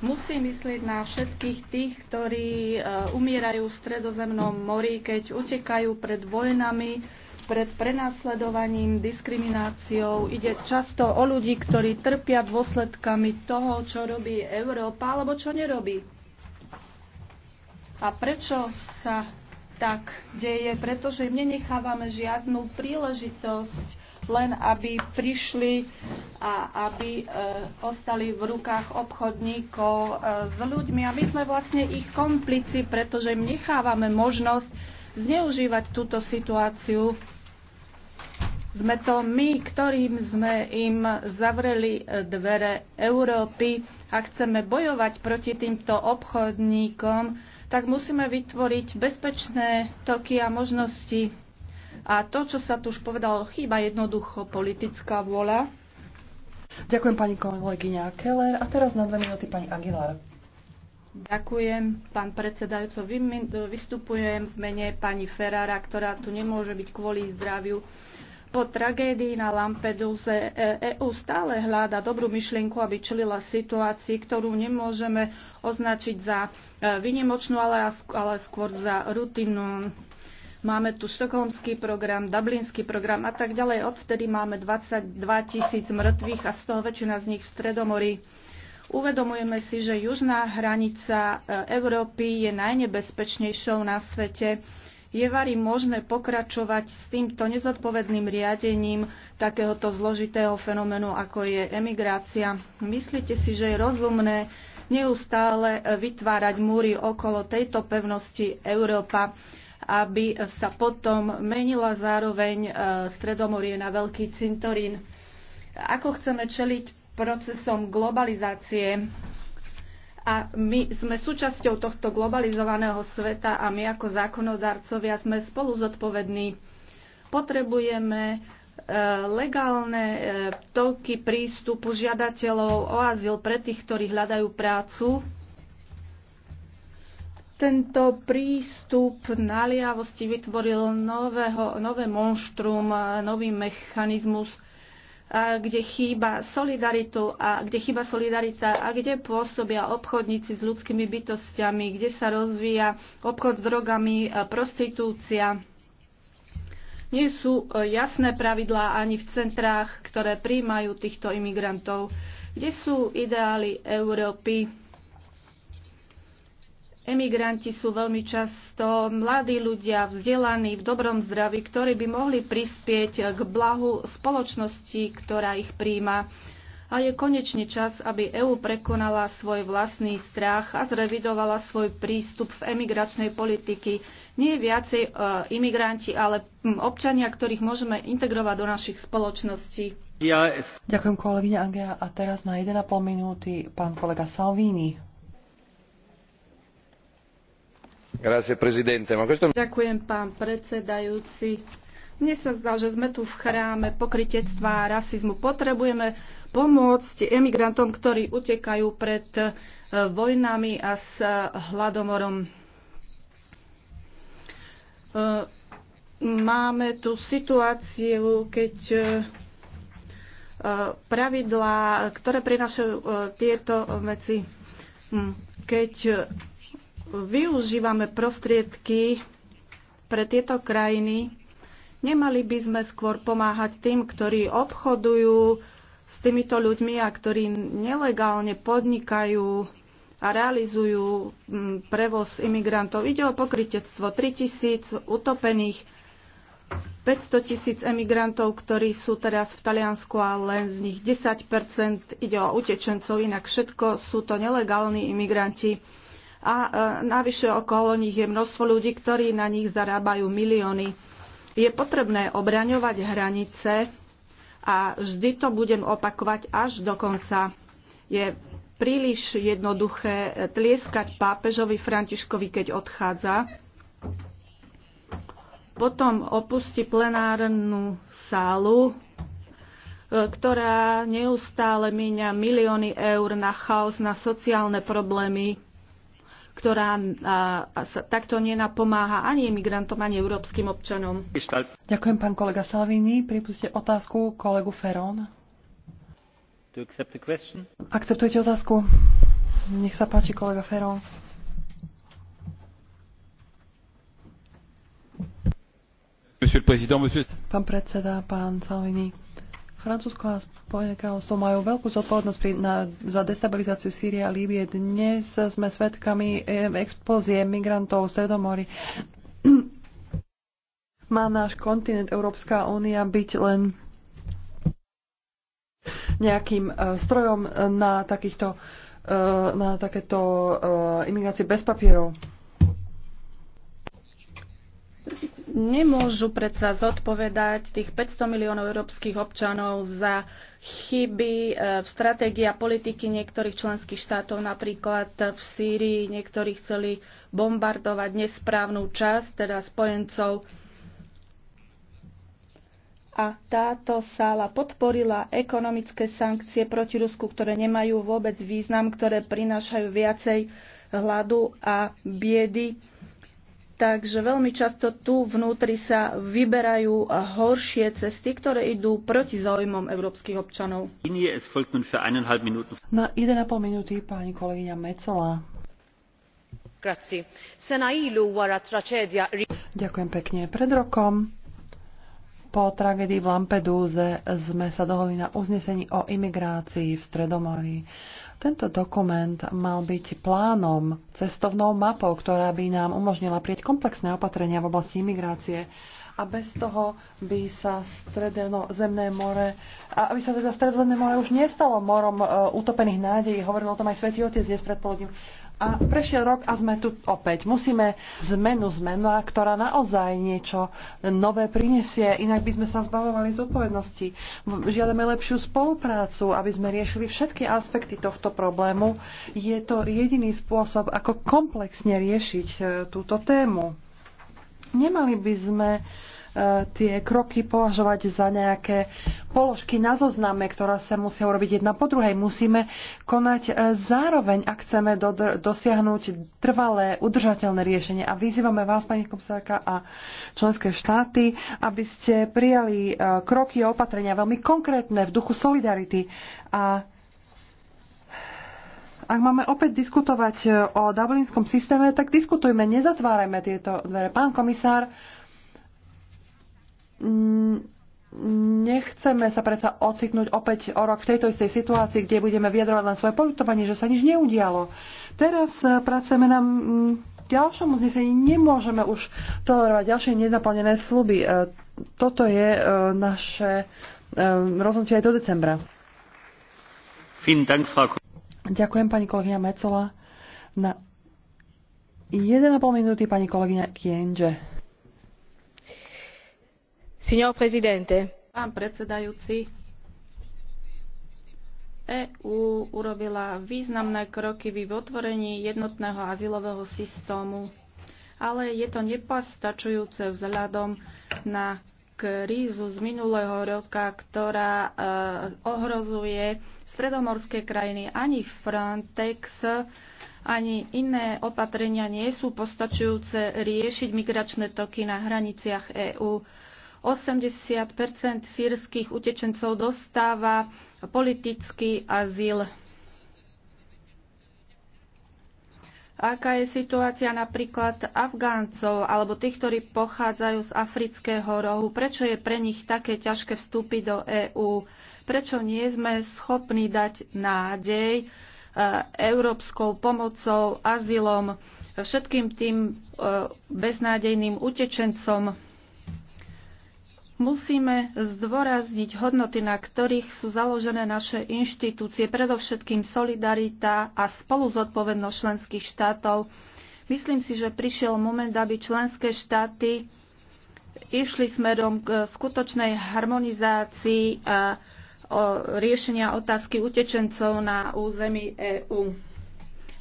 musí myslieť na všetkých tých, ktorí eh, umierajú v stredozemnom mori, keď utekajú pred vojnami, pred prenasledovaním, diskrimináciou. Ide často o ľudí, ktorí trpia dôsledkami toho, čo robí Európa alebo čo nerobí. A prečo sa tak deje, pretože im nenechávame žiadnu príležitosť len aby prišli a aby e, ostali v rukách obchodníkov e, s ľuďmi. A my sme vlastne ich komplici, pretože im nechávame možnosť zneužívať túto situáciu. Sme to my, ktorým sme im zavreli e, dvere Európy a chceme bojovať proti týmto obchodníkom, tak musíme vytvoriť bezpečné toky a možnosti. A to, čo sa tu už povedalo, chýba jednoducho politická vôľa. Ďakujem pani kolegyňa Keller. A teraz na dve minúty pani Aguilar. Ďakujem, pán predsedajúco. Vystupujem v mene pani Ferrara, ktorá tu nemôže byť kvôli zdraviu. Po tragédii na Lampeduse EU e stále hľada dobrú myšlienku, aby čelila situácii, ktorú nemôžeme označiť za e, vynimočnú, ale, skôr za rutinnú. Máme tu štokholmský program, dublinský program a tak ďalej. Odvtedy máme 22 tisíc mŕtvych a z toho väčšina z nich v Stredomorí. Uvedomujeme si, že južná hranica e, Európy je najnebezpečnejšou na svete je varí možné pokračovať s týmto nezodpovedným riadením takéhoto zložitého fenoménu, ako je emigrácia? Myslíte si, že je rozumné neustále vytvárať múry okolo tejto pevnosti Európa, aby sa potom menila zároveň e, Stredomorie na veľký cintorín. Ako chceme čeliť procesom globalizácie, a my sme súčasťou tohto globalizovaného sveta a my ako zákonodarcovia sme spolu zodpovední. Potrebujeme e, legálne e, toky prístupu žiadateľov o azyl pre tých, ktorí hľadajú prácu. Tento prístup naliavosti vytvoril nového, nové monštrum, nový mechanizmus, kde chýba solidaritu a kde chýba solidarita a kde pôsobia obchodníci s ľudskými bytostiami, kde sa rozvíja obchod s drogami, e, prostitúcia. Nie sú e, jasné pravidlá ani v centrách, ktoré príjmajú týchto imigrantov. Kde sú ideály Európy? Emigranti sú veľmi často mladí ľudia, vzdelaní, v dobrom zdraví, ktorí by mohli prispieť k blahu spoločnosti, ktorá ich príjma. A je konečne čas, aby EÚ prekonala svoj vlastný strach a zrevidovala svoj prístup v emigračnej politiky. Nie viacej e, imigranti, ale občania, ktorých môžeme integrovať do našich spoločností. Ďakujem kolegyňa Angela. A teraz na 1,5 minúty pán kolega Salvini. Ďakujem, pán predsedajúci. Mne sa zdá, že sme tu v chráme pokritectva a rasizmu. Potrebujeme pomôcť emigrantom, ktorí utekajú pred eh, vojnami a s eh, hladomorom. Eh, máme tu situáciu, keď pravidlá, ktoré prinašajú tieto veci, hm, keď využívame prostriedky pre tieto krajiny, nemali by sme skôr pomáhať tým, ktorí obchodujú s týmito ľuďmi a ktorí nelegálne podnikajú a realizujú mm, prevoz imigrantov. Ide o 3 tisíc utopených, 500 tisíc emigrantov, ktorí sú teraz v Taliansku a len z nich 10 ide o utečencov, inak všetko sú to nelegálni imigranti a e, navyše okolo nich je množstvo ľudí, ktorí na nich zarábajú milióny. Je potrebné obraňovať hranice a vždy to budem opakovať až do konca. Je príliš jednoduché tlieskať pápežovi Františkovi, keď odchádza. Potom opustí plenárnu sálu, e, ktorá neustále míňa milióny eur na chaos, na sociálne problémy, ktorá a, a sa takto nenapomáha ani imigrantom, ani európskym občanom. Ďakujem, pán kolega Salvini. Pripustite otázku kolegu Ferón. Akceptujete otázku? Nech sa páči, kolega Ferón. Pán predseda, pán Salvini, Francúzsko a Spojené kráľovstvo majú veľkú zodpovednosť pri, na, za destabilizáciu Sýrie a Líbie. Dnes sme svedkami e, expózie migrantov v Sredomori. [CLEARS THROAT] Má náš kontinent Európska únia byť len nejakým uh, strojom na takýchto uh, na takéto uh, imigrácie bez papierov. Nemôžu predsa zodpovedať tých 500 miliónov európskych občanov za chyby e, v stratégii a politiky niektorých členských štátov. Napríklad v Sýrii niektorí chceli bombardovať nesprávnu časť, teda spojencov. A táto sála podporila ekonomické sankcie proti Rusku, ktoré nemajú vôbec význam, ktoré prinášajú viacej hladu a biedy Takže veľmi často tu vnútri sa vyberajú horšie cesty, ktoré idú proti záujmom európskych občanov. Na 1,5 minúty pani kolegyňa Mecola. Ďakujem pekne. Pred rokom po tragédii v Lampedúze sme sa dohodli na uznesení o imigrácii v Stredomorí. Tento dokument mal byť plánom, cestovnou mapou, ktorá by nám umožnila prieť komplexné opatrenia v oblasti imigrácie a bez toho by sa Zemné more, a aby sa teda stredozemné more už nestalo morom e, utopených nádejí, hovoril o tom aj Svetý Otec dnes predpoludním. A prešiel rok a sme tu opäť. Musíme zmenu zmena, ktorá naozaj niečo nové prinesie, inak by sme sa zbavovali zodpovednosti. Žiadame lepšiu spoluprácu, aby sme riešili všetky aspekty tohto problému. Je to jediný spôsob, ako komplexne riešiť e, túto tému. Nemali by sme tie kroky považovať za nejaké položky na zozname, ktoré sa musia urobiť jedna po druhej. Musíme konať e, zároveň, ak chceme do, dosiahnuť trvalé, udržateľné riešenie. A vyzývame vás, pani komisárka, a členské štáty, aby ste prijali e, kroky a opatrenia veľmi konkrétne v duchu solidarity a ak máme opäť diskutovať e, o dublinskom systéme, tak diskutujme, nezatvárajme tieto dvere. Pán komisár, Mm, nechceme sa predsa ocitnúť opäť o rok v tejto istej situácii, kde budeme vyjadrovať len svoje politovanie, že sa nič neudialo. Teraz eh, pracujeme na mm, ďalšom uznesení nemôžeme už tolerovať ďalšie nenaplnené sluby. Eh, toto je eh, naše rozhodnutie aj do decembra. Ďakujem pani kolegyňa Mecola. Na 1,5 minúty pani kolegyňa Kienže. Pán predsedajúci, EÚ urobila významné kroky v otvorení jednotného azylového systému, ale je to nepostačujúce vzhľadom na krízu z minulého roka, ktorá e, ohrozuje stredomorské krajiny. Ani Frontex, ani iné opatrenia nie sú postačujúce riešiť migračné toky na hraniciach EÚ. 80 sírskych utečencov dostáva politický azyl. Aká je situácia napríklad Afgáncov alebo tých, ktorí pochádzajú z afrického rohu? Prečo je pre nich také ťažké vstúpiť do EÚ? Prečo nie sme schopní dať nádej e, európskou pomocou, azylom, všetkým tým e, beznádejným utečencom? Musíme zdôrazniť hodnoty, na ktorých sú založené naše inštitúcie, predovšetkým solidarita a spoluzodpovednosť členských štátov. Myslím si, že prišiel moment, aby členské štáty išli smerom k skutočnej harmonizácii a riešenia otázky utečencov na území EÚ.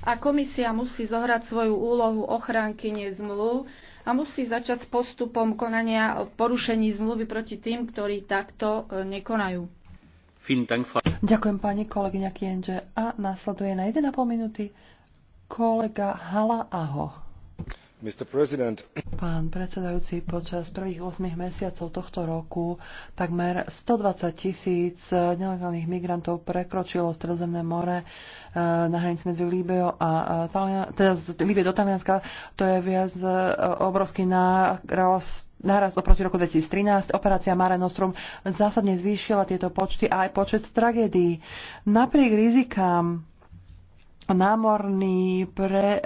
A komisia musí zohrať svoju úlohu ochránky zmluv, a musí začať s postupom konania o porušení zmluvy proti tým, ktorí takto e, nekonajú. Ďakujem pani kolegyňa Kienže. A nasleduje na 1,5 minúty kolega Hala Aho. Pán predsedajúci, počas prvých 8 mesiacov tohto roku takmer 120 tisíc nelegálnych migrantov prekročilo Stredozemné more eh, na hranici medzi Líbeo a teda z Líbie do Talianska. To je viac eh, obrovský nárast náraz oproti roku 2013. Operácia Mare Nostrum zásadne zvýšila tieto počty a aj počet tragédií. Napriek rizikám námorný pre, e,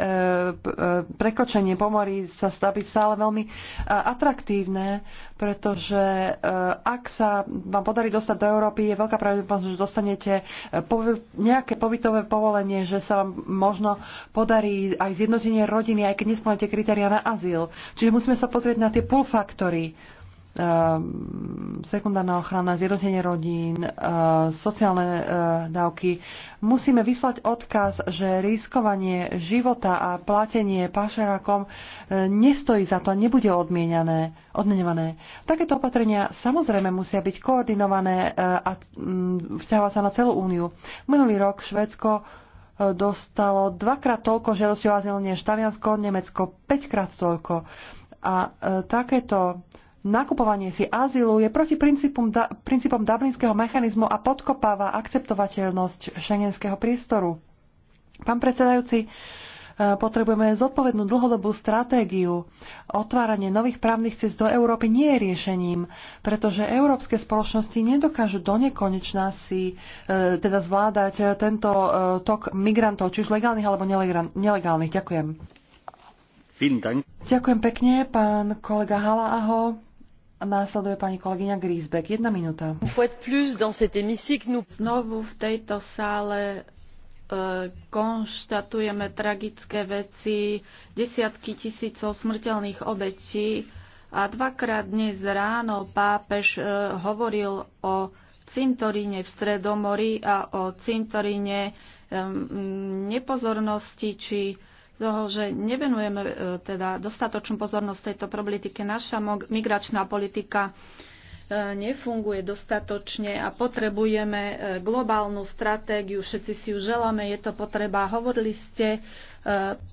e prekočenie pomorí sa staví stále veľmi e, atraktívne, pretože e, ak sa vám podarí dostať do Európy, je veľká pravdepodobnosť, že dostanete e, povi- nejaké pobytové povolenie, že sa vám možno podarí aj zjednotenie rodiny, aj keď nesplníte kritéria na azyl. Čiže musíme sa pozrieť na tie pull faktory Ehm, sekundárna ochrana, zjednotenie rodín, ehm, sociálne ehm, dávky. Musíme vyslať odkaz, že riskovanie života a platenie pašerákom nestojí za to a nebude odmienané, odmenované. Takéto opatrenia samozrejme musia byť koordinované a mm, vzťahovať sa na celú úniu. Minulý rok Švédsko dostalo dvakrát toľko žiadosti o azyl než Taliansko, Nemecko, päťkrát toľko. A e, takéto Nakupovanie si azylu je proti princípom, da, princípom dublinského mechanizmu a podkopáva akceptovateľnosť šengenského priestoru. Pán predsedajúci, e, potrebujeme zodpovednú dlhodobú stratégiu. Otváranie nových právnych cest do Európy nie je riešením, pretože európske spoločnosti nedokážu do si e, teda zvládať tento e, tok migrantov, či už legálnych alebo nelegálnych. Ďakujem. Ďakujem pekne, pán kolega Halaaho. Následuje pani kolegyňa Griesbeck. Jedna minúta. Znovu v tejto sále e, konštatujeme tragické veci, desiatky tisícov smrteľných obetí a dvakrát dnes ráno pápež e, hovoril o cintoríne v Stredomori a o cintoríne e, nepozornosti či toho, že nevenujeme e, teda dostatočnú pozornosť tejto problematike. Naša migračná politika e, nefunguje dostatočne a potrebujeme e, globálnu stratégiu, všetci si ju želáme, je to potreba. Hovorili ste,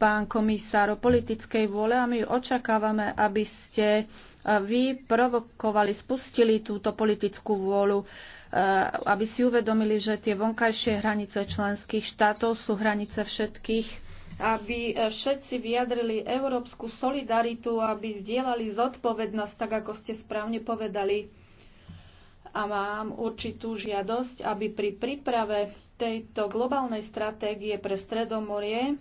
pán komisár, o politickej vôle a my očakávame, aby ste vy provokovali, spustili túto politickú vôľu, aby si uvedomili, že tie vonkajšie hranice členských štátov sú hranice všetkých aby e, všetci vyjadrili európsku solidaritu, aby zdieľali zodpovednosť, tak ako ste správne povedali. A mám určitú žiadosť, aby pri príprave tejto globálnej stratégie pre Stredomorie,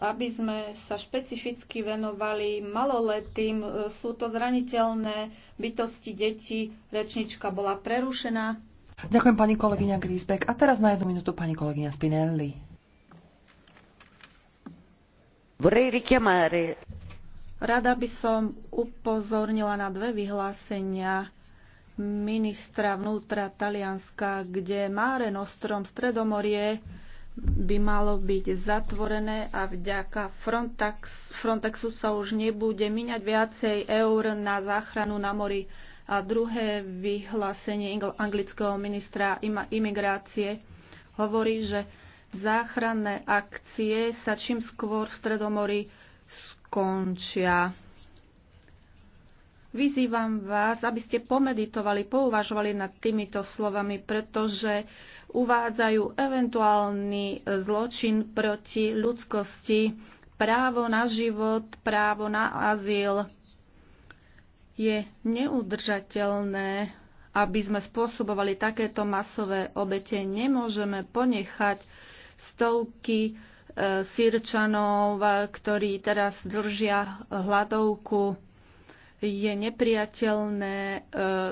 aby sme sa špecificky venovali maloletým. E, sú to zraniteľné bytosti detí. Rečnička bola prerušená. Ďakujem pani kolegyňa Grisbeck. A teraz na jednu minútu pani kolegyňa Spinelli. Rada by som upozornila na dve vyhlásenia ministra vnútra Talianska, kde Mare Nostrom Stredomorie by malo byť zatvorené a vďaka Frontex, Frontexu sa už nebude miňať viacej eur na záchranu na mori. A druhé vyhlásenie anglického ministra imigrácie hovorí, že záchranné akcie sa čím skôr v Stredomori skončia. Vyzývam vás, aby ste pomeditovali, pouvažovali nad týmito slovami, pretože uvádzajú eventuálny zločin proti ľudskosti, právo na život, právo na azyl. Je neudržateľné, aby sme spôsobovali takéto masové obete. Nemôžeme ponechať stovky e, sírčanov, e, ktorí teraz držia hladovku. Je nepriateľné, e,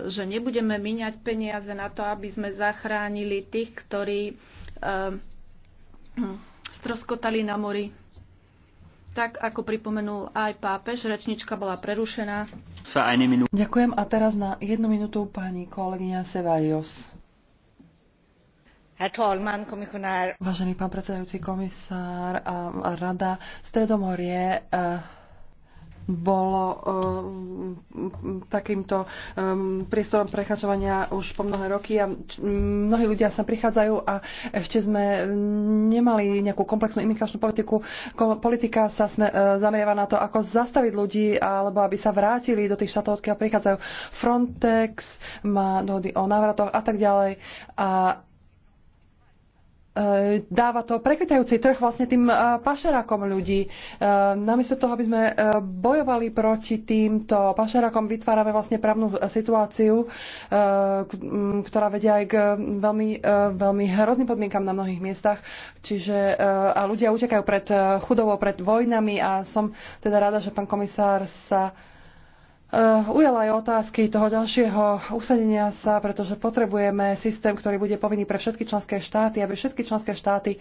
že nebudeme miňať peniaze na to, aby sme zachránili tých, ktorí stroskotali na mori. Tak, ako pripomenul aj pápež, rečnička bola prerušená. Ďakujem a teraz na jednu minútu pani kolegyňa Sevajos. Vážený pán predsedajúci komisár a rada, Stredomorie e, bolo e, takýmto e, priestorom prekračovania už po mnohé roky a mnohí ľudia sem prichádzajú a ešte sme nemali nejakú komplexnú imigračnú politiku. Politika sa sme, zameriava na to, ako zastaviť ľudí alebo aby sa vrátili do tých štátov, odkiaľ prichádzajú. Frontex má dohody o návratoch a tak ďalej. A E, dáva to prekvitajúci trh vlastne tým e, pašerákom ľudí. E, namiesto toho, aby sme bojovali proti týmto pašerákom, vytvárame vlastne právnu situáciu, ktorá vedia aj k veľmi, veľmi hrozným podmienkam na mnohých miestach. Čiže a ľudia utekajú pred chudobou, pred vojnami a som teda rada, že pán komisár sa Eh, ujala aj otázky toho ďalšieho usadenia sa, pretože potrebujeme systém, ktorý bude povinný pre všetky členské štáty, aby všetky členské štáty eh,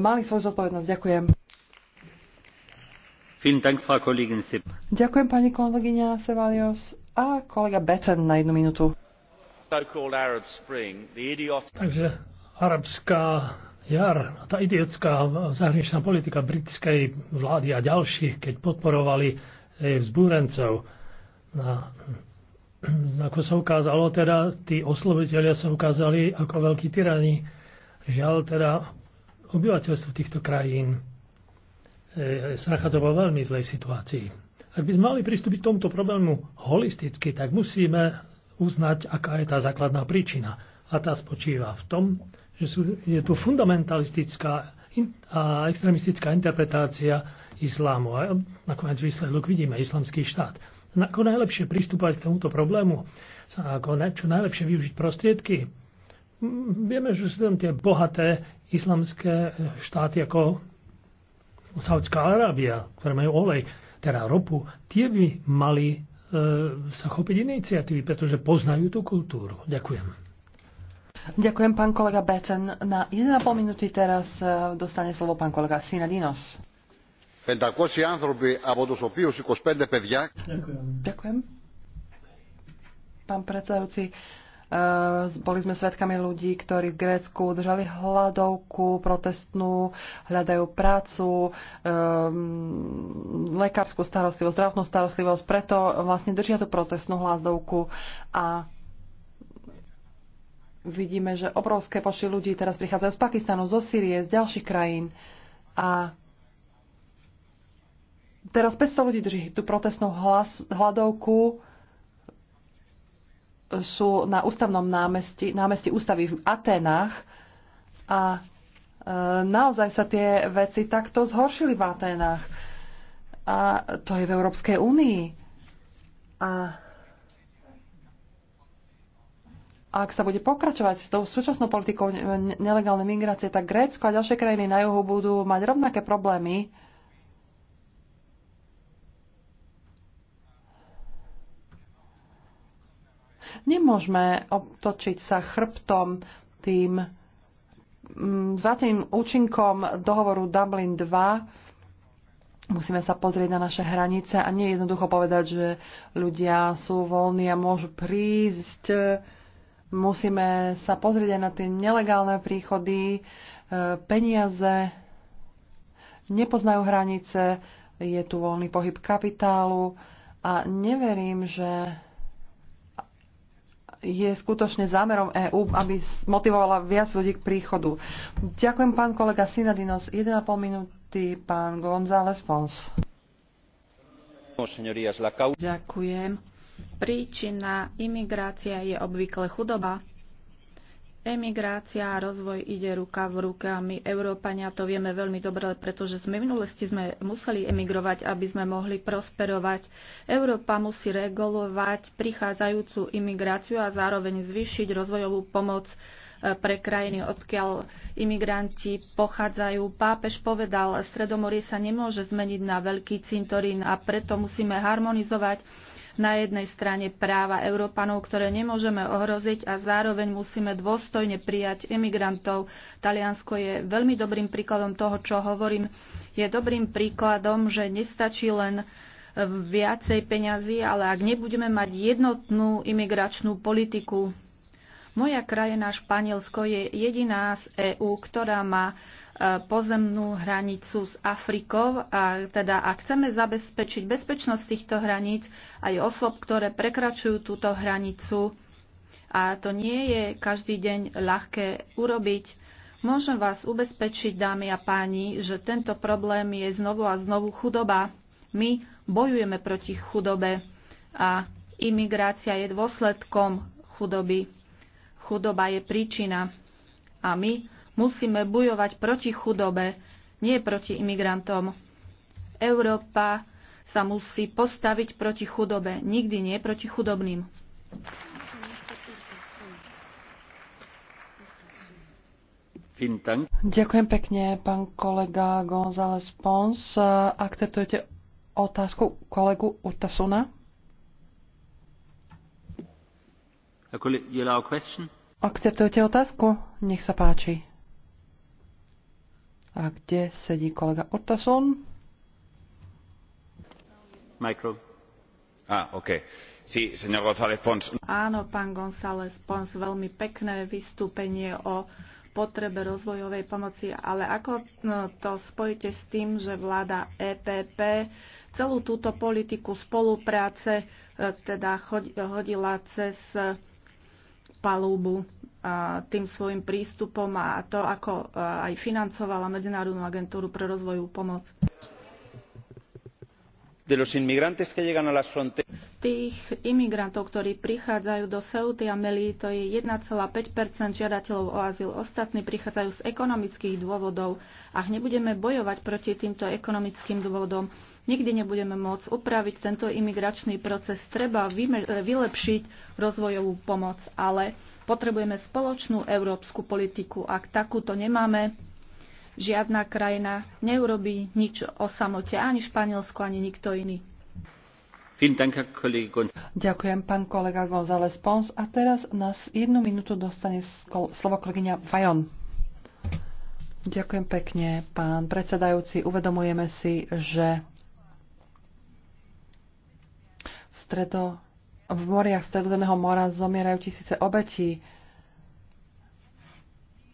mali svoju zodpovednosť. Ďakujem. Ďakujem pani kolegyňa Sevalios a kolega Betten na jednu minútu. Takže arabská jar, tá idiotská zahraničná politika britskej vlády a ďalších, keď podporovali hej, vzbúrencov. A ako sa ukázalo, teda tí osloviteľia sa ukázali ako veľkí tyrani. Žiaľ teda obyvateľstvo týchto krajín e, sa nachádza vo veľmi zlej situácii. Ak by sme mali pristúpiť k tomuto problému holisticky, tak musíme uznať, aká je tá základná príčina. A tá spočíva v tom, že sú, je tu fundamentalistická a extremistická interpretácia islámu. A nakoniec výsledok vidíme, islamský štát. Ako najlepšie pristúpať k tomuto problému? Ako na, čo najlepšie využiť prostriedky? Mm, vieme, že sú tam tie bohaté islamské e, štáty ako Saudská Arábia, ktoré majú olej, teda ropu, tie by mali e, sa chopiť iniciatívy, pretože poznajú tú kultúru. Ďakujem. Ďakujem, pán kolega Becen. Na 1,5 minúty teraz e, dostane slovo pán kolega Sinadinos. 500 άνθρωποι, από τους οποίους 25 παιδιά. Pán predsedajúci, boli sme svedkami ľudí, ktorí v Grécku držali hladovku protestnú, hľadajú prácu, um, lekárskú starostlivosť, zdravotnú starostlivosť, preto vlastne držia tú protestnú hladovku a vidíme, že obrovské počty ľudí teraz prichádzajú z Pakistanu, zo Sýrie, z ďalších krajín a Teraz 500 ľudí drží tú protestnú hlas, hladovku e, sú na ústavnom námestí, námestí ústavy v Atenách a e, naozaj sa tie veci takto zhoršili v Atenách. A to je v Európskej únii. A ak sa bude pokračovať s tou súčasnou politikou nelegálnej migrácie, tak Grécko a ďalšie krajiny na juhu budú mať rovnaké problémy. Nemôžeme obtočiť sa chrbtom tým mm, zvatým účinkom dohovoru Dublin 2. Musíme sa pozrieť na naše hranice a nie jednoducho povedať, že ľudia sú voľní a môžu prísť. Musíme sa pozrieť aj na tie nelegálne príchody, e, peniaze, nepoznajú hranice, je tu voľný pohyb kapitálu a neverím, že je skutočne zámerom EÚ, aby motivovala viac ľudí k príchodu. Ďakujem pán kolega Sinadinos. 1,5 minúty pán González Fons. Ďakujem. Príčina imigrácia je obvykle chudoba Emigrácia a rozvoj ide ruka v ruke a my, Európania, to vieme veľmi dobre, pretože sme v minulosti sme museli emigrovať, aby sme mohli prosperovať. Európa musí regulovať prichádzajúcu imigráciu a zároveň zvýšiť rozvojovú pomoc eh, pre krajiny, odkiaľ imigranti pochádzajú. Pápež povedal, Stredomorie sa nemôže zmeniť na veľký cintorín a preto musíme harmonizovať na jednej strane práva Európanov, ktoré nemôžeme ohroziť a zároveň musíme dôstojne prijať emigrantov. Taliansko je veľmi dobrým príkladom toho, čo hovorím. Je dobrým príkladom, že nestačí len e, viacej peňazí, ale ak nebudeme mať jednotnú imigračnú politiku, moja krajina Španielsko je jediná z EÚ, ktorá má pozemnú hranicu s Afrikou a teda ak chceme zabezpečiť bezpečnosť týchto hraníc aj osôb, ktoré prekračujú túto hranicu a to nie je každý deň ľahké urobiť, môžem vás ubezpečiť, dámy a páni, že tento problém je znovu a znovu chudoba. My bojujeme proti chudobe a imigrácia je dôsledkom chudoby. Chudoba je príčina a my Musíme bojovať proti chudobe, nie proti imigrantom. Európa sa musí postaviť proti chudobe, nikdy nie proti chudobným. Ďakujem pekne, pán kolega González Pons. Akceptujete otázku kolegu Utasuna? Akceptujete otázku? Nech sa páči. A kde sedí kolega Ortason? Micro. Ah, OK. sí, Áno, pán González Pons, veľmi pekné vystúpenie o potrebe rozvojovej pomoci, ale ako no, to spojíte s tým, že vláda EPP celú túto politiku spolupráce e, teda hodila cez e, palúbu? tým svojim prístupom a to, ako e, aj financovala Medzinárodnú agentúru pre rozvojovú pomoc. Z tých imigrantov, ktorí prichádzajú do Ceuty a Melí, to je 1,5 žiadateľov o azyl. Ostatní prichádzajú z ekonomických dôvodov. Ak nebudeme bojovať proti týmto ekonomickým dôvodom, nikdy nebudeme môcť upraviť tento imigračný proces. Treba vylepšiť rozvojovú pomoc, ale Potrebujeme spoločnú európsku politiku. Ak takúto nemáme, žiadna krajina neurobí nič o samote, ani Španielsko, ani nikto iný. Ďakujem, pán kolega González Pons. A teraz nás jednu minútu dostane slovo kolegyňa Fajon. Ďakujem pekne, pán predsedajúci. Uvedomujeme si, že v stredo v moriach Stredozemného mora zomierajú tisíce obetí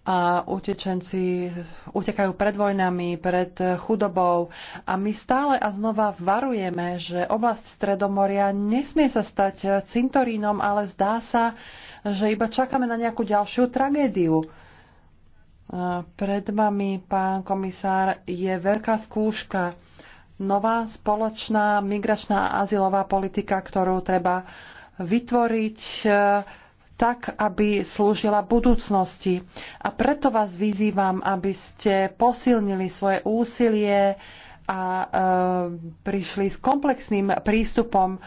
a utečenci utekajú pred vojnami, pred chudobou a my stále a znova varujeme, že oblasť Stredomoria nesmie sa stať cintorínom, ale zdá sa, že iba čakáme na nejakú ďalšiu tragédiu. Pred vami, pán komisár, je veľká skúška nová spoločná migračná a azylová politika, ktorú treba vytvoriť e, tak, aby slúžila budúcnosti. A preto vás vyzývam, aby ste posilnili svoje úsilie a eh, prišli s komplexným prístupom eh,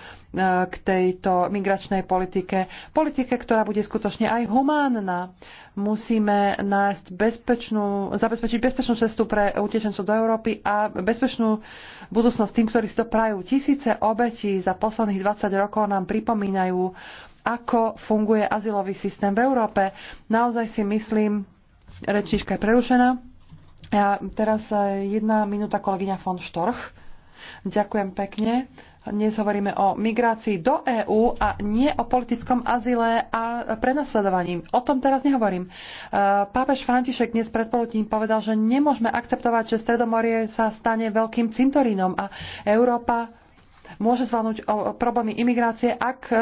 k tejto migračnej politike. Politike, ktorá bude skutočne aj humánna. Musíme nájsť bezpečnú, zabezpečiť bezpečnú cestu pre utečencov do Európy a bezpečnú budúcnosť tým, ktorí si to prajú. Tisíce obetí za posledných 20 rokov nám pripomínajú, ako funguje azylový systém v Európe. Naozaj si myslím, rečnička je prerušená. A teraz e, jedna minúta kolegyňa von Štorch. Ďakujem pekne. Dnes hovoríme o migrácii do EÚ a nie o politickom azile a prenasledovaní. O tom teraz nehovorím. E, pápež František dnes predpoludním povedal, že nemôžeme akceptovať, že Stredomorie sa stane veľkým cintorínom a Európa môže zvládnuť problémy imigrácie, ak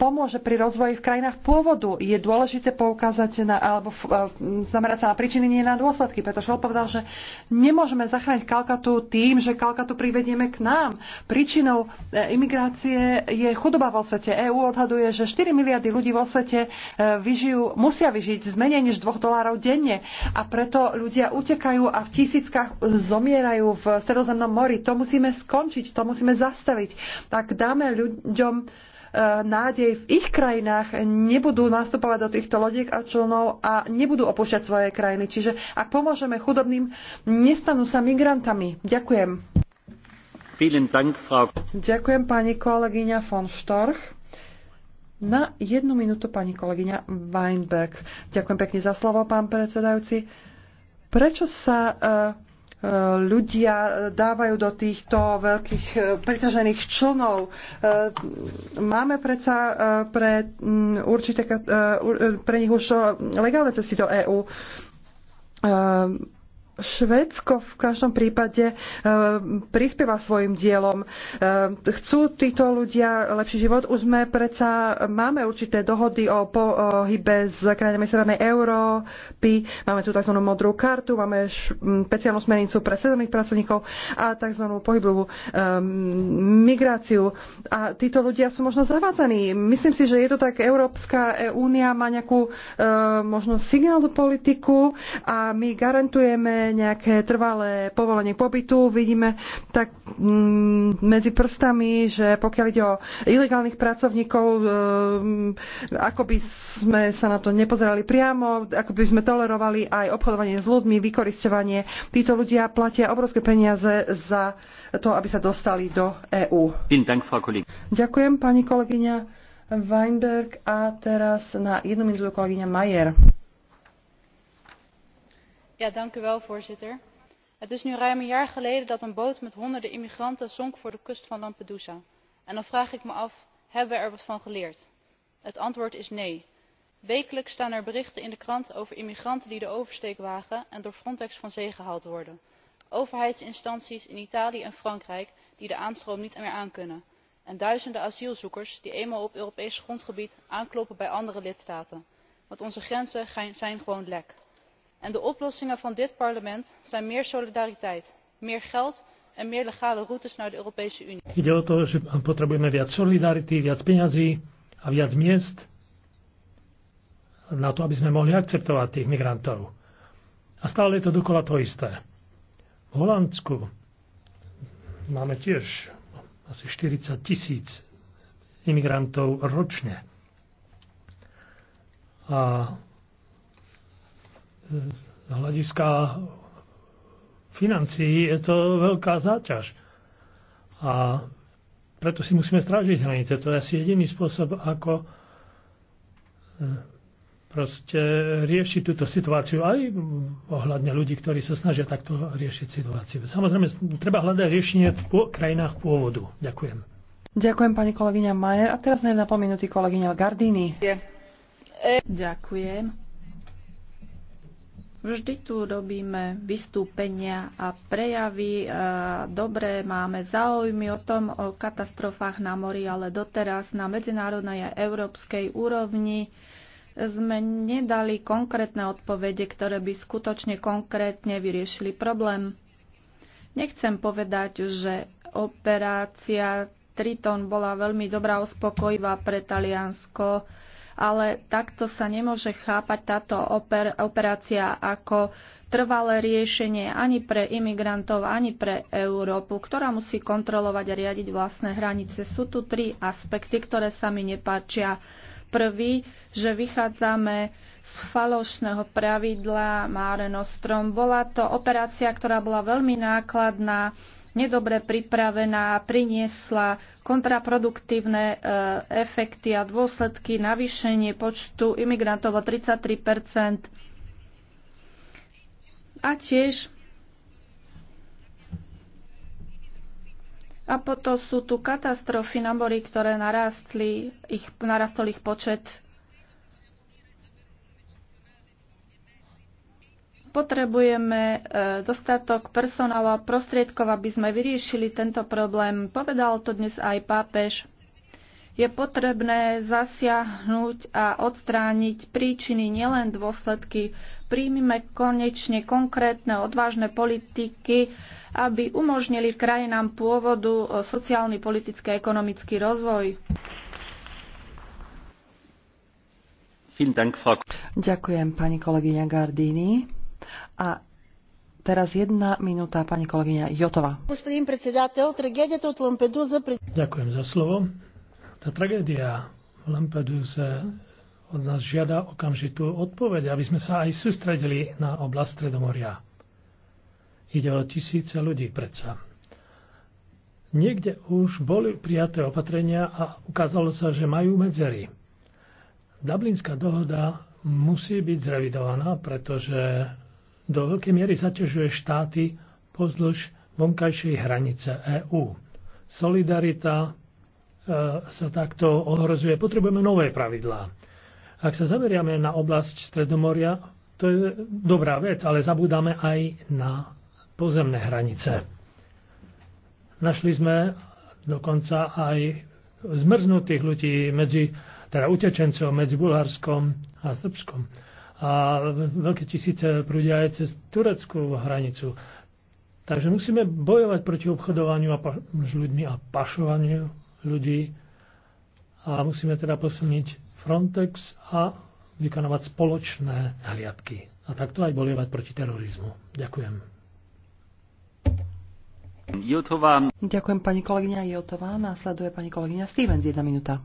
pomôže pri rozvoji v krajinách pôvodu. Je dôležité poukázať na, alebo eh, zamerať sa na príčiny, nie na dôsledky, pretože on povedal, že nemôžeme zachrániť Kalkatu tým, že Kalkatu privedieme k nám. Príčinou eh, imigrácie je chudoba vo svete. EÚ odhaduje, že 4 miliardy ľudí vo svete eh, vyžijú, musia vyžiť z menej než 2 dolárov denne a preto ľudia utekajú a v tisíckach zomierajú v Stredozemnom mori. To musíme skončiť, to musíme zastaviť. Tak dáme ľuďom nádej v ich krajinách, nebudú nastupovať do týchto lodiek a člnov a nebudú opúšťať svoje krajiny. Čiže ak pomôžeme chudobným, nestanú sa migrantami. Ďakujem. Dank, Frau... Ďakujem pani kolegyňa von Storch. Na jednu minútu pani kolegyňa Weinberg. Ďakujem pekne za slovo, pán predsedajúci. Prečo sa uh, ľudia e, dávajú do týchto veľkých e, preťažených člnov. E, máme predsa pre, určité, pre nich už legálne cesty do EÚ Švédsko v každom prípade eh, prispieva svojim dielom. Eh, chcú títo ľudia lepší život? Už sme predsa, máme určité dohody o pohybe s krajinami Severnej Európy, máme tu tzv. modrú kartu, máme špeciálnu smernicu pre sezónnych pracovníkov a tzv. pohybovú eh, migráciu. A títo ľudia sú možno zavádzaní. Myslím si, že je to tak, Európska únia má nejakú možno signálnu politiku a my garantujeme nejaké trvalé povolenie pobytu. Vidíme tak mm, medzi prstami, že pokiaľ ide o ilegálnych pracovníkov, eh, ako by sme sa na to nepozerali priamo, ako by sme tolerovali aj obchodovanie s ľuďmi, vykoristovanie. Títo ľudia platia obrovské peniaze za to, aby sa dostali do EÚ. Ďakujem, pani kolegyňa. Weinberg a teraz na jednu minútu kolegyňa Majer voorzitter het is nu ruim een jaar geleden dat een boot met honderden immigranten zonk voor de kust van lampedusa en dan vraag ik me af hebben we er wat van geleerd? het antwoord is nee. wekelijks staan er berichten in de krant over immigranten die de oversteek wagen en door frontex van zee gehaald worden overheidsinstanties in italië en frankrijk die de aanstroom niet meer aankunnen en duizenden asielzoekers die eenmaal op europees grondgebied aankloppen bij andere lidstaten want onze grenzen zijn gewoon lek en de oplossingen van dit parlement zijn meer solidariteit meer geld en meer legale routes naar de Europese Unie. Ide o to, že potrebujeme viac solidarity, viac peňazí a viac miest na to, aby sme mohli akceptovať tých migrantov. A stále je to dokola to isté. V Holandsku máme tiež asi 40 tisíc imigrantov ročne. A z hľadiska financií je to veľká záťaž. A preto si musíme strážiť hranice. To je asi jediný spôsob, ako e, proste riešiť túto situáciu aj ohľadne ľudí, ktorí sa snažia takto riešiť situáciu. Samozrejme, treba hľadať riešenie v krajinách pôvodu. Ďakujem. Ďakujem pani kolegyňa Majer. A teraz na jedna kolegyňa Gardini. Ďakujem. Vždy tu robíme vystúpenia a prejavy. E, Dobre, máme záujmy o tom, o katastrofách na mori, ale doteraz na medzinárodnej a európskej úrovni sme nedali konkrétne odpovede, ktoré by skutočne konkrétne vyriešili problém. Nechcem povedať, že operácia Triton bola veľmi dobrá, uspokojivá pre Taliansko ale takto sa nemôže chápať táto oper- operácia ako trvalé riešenie ani pre imigrantov, ani pre Európu, ktorá musí kontrolovať a riadiť vlastné hranice. Sú tu tri aspekty, ktoré sa mi nepáčia. Prvý, že vychádzame z falošného pravidla Mare Nostrom. Bola to operácia, ktorá bola veľmi nákladná nedobre pripravená, priniesla kontraproduktívne e, efekty a dôsledky navýšenie počtu imigrantov o 33 A tiež A potom sú tu katastrofy na mori, ktoré narastli ich, narastol ich počet Potrebujeme e, dostatok personálu a prostriedkov, aby sme vyriešili tento problém. Povedal to dnes aj pápež. Je potrebné zasiahnuť a odstrániť príčiny, nielen dôsledky. Príjmime konečne konkrétne, odvážne politiky, aby umožnili krajinám pôvodu e, sociálny, politický a ekonomický rozvoj. Ďakujem pani kolegyňa Gardini. A Teraz jedna minúta, pani kolegyňa Jotová. Ďakujem za slovo. Tá tragédia v Lampeduse od nás žiada okamžitú odpoveď, aby sme sa aj sústredili na oblast Stredomoria. Ide o tisíce ľudí predsa. Niekde už boli prijaté opatrenia a ukázalo sa, že majú medzery. Dublinská dohoda musí byť zrevidovaná, pretože do veľkej miery zaťažuje štáty pozdĺž vonkajšej hranice EÚ. Solidarita e, sa takto ohrozuje. Potrebujeme nové pravidlá. Ak sa zameriame na oblasť Stredomoria, to je dobrá vec, ale zabúdame aj na pozemné hranice. Našli sme dokonca aj zmrznutých ľudí medzi, teda utečencov medzi Bulharskom a Srbskom a veľké tisíce prúdia aj cez tureckú hranicu. Takže musíme bojovať proti obchodovaniu a pa- s ľuďmi a pašovaniu ľudí a musíme teda posilniť Frontex a vykonávať spoločné hliadky a takto aj bojovať proti terorizmu. Ďakujem. Jotová. Ďakujem pani kolegyňa Jotová. Následuje pani kolegyňa Stevens, jedna minúta.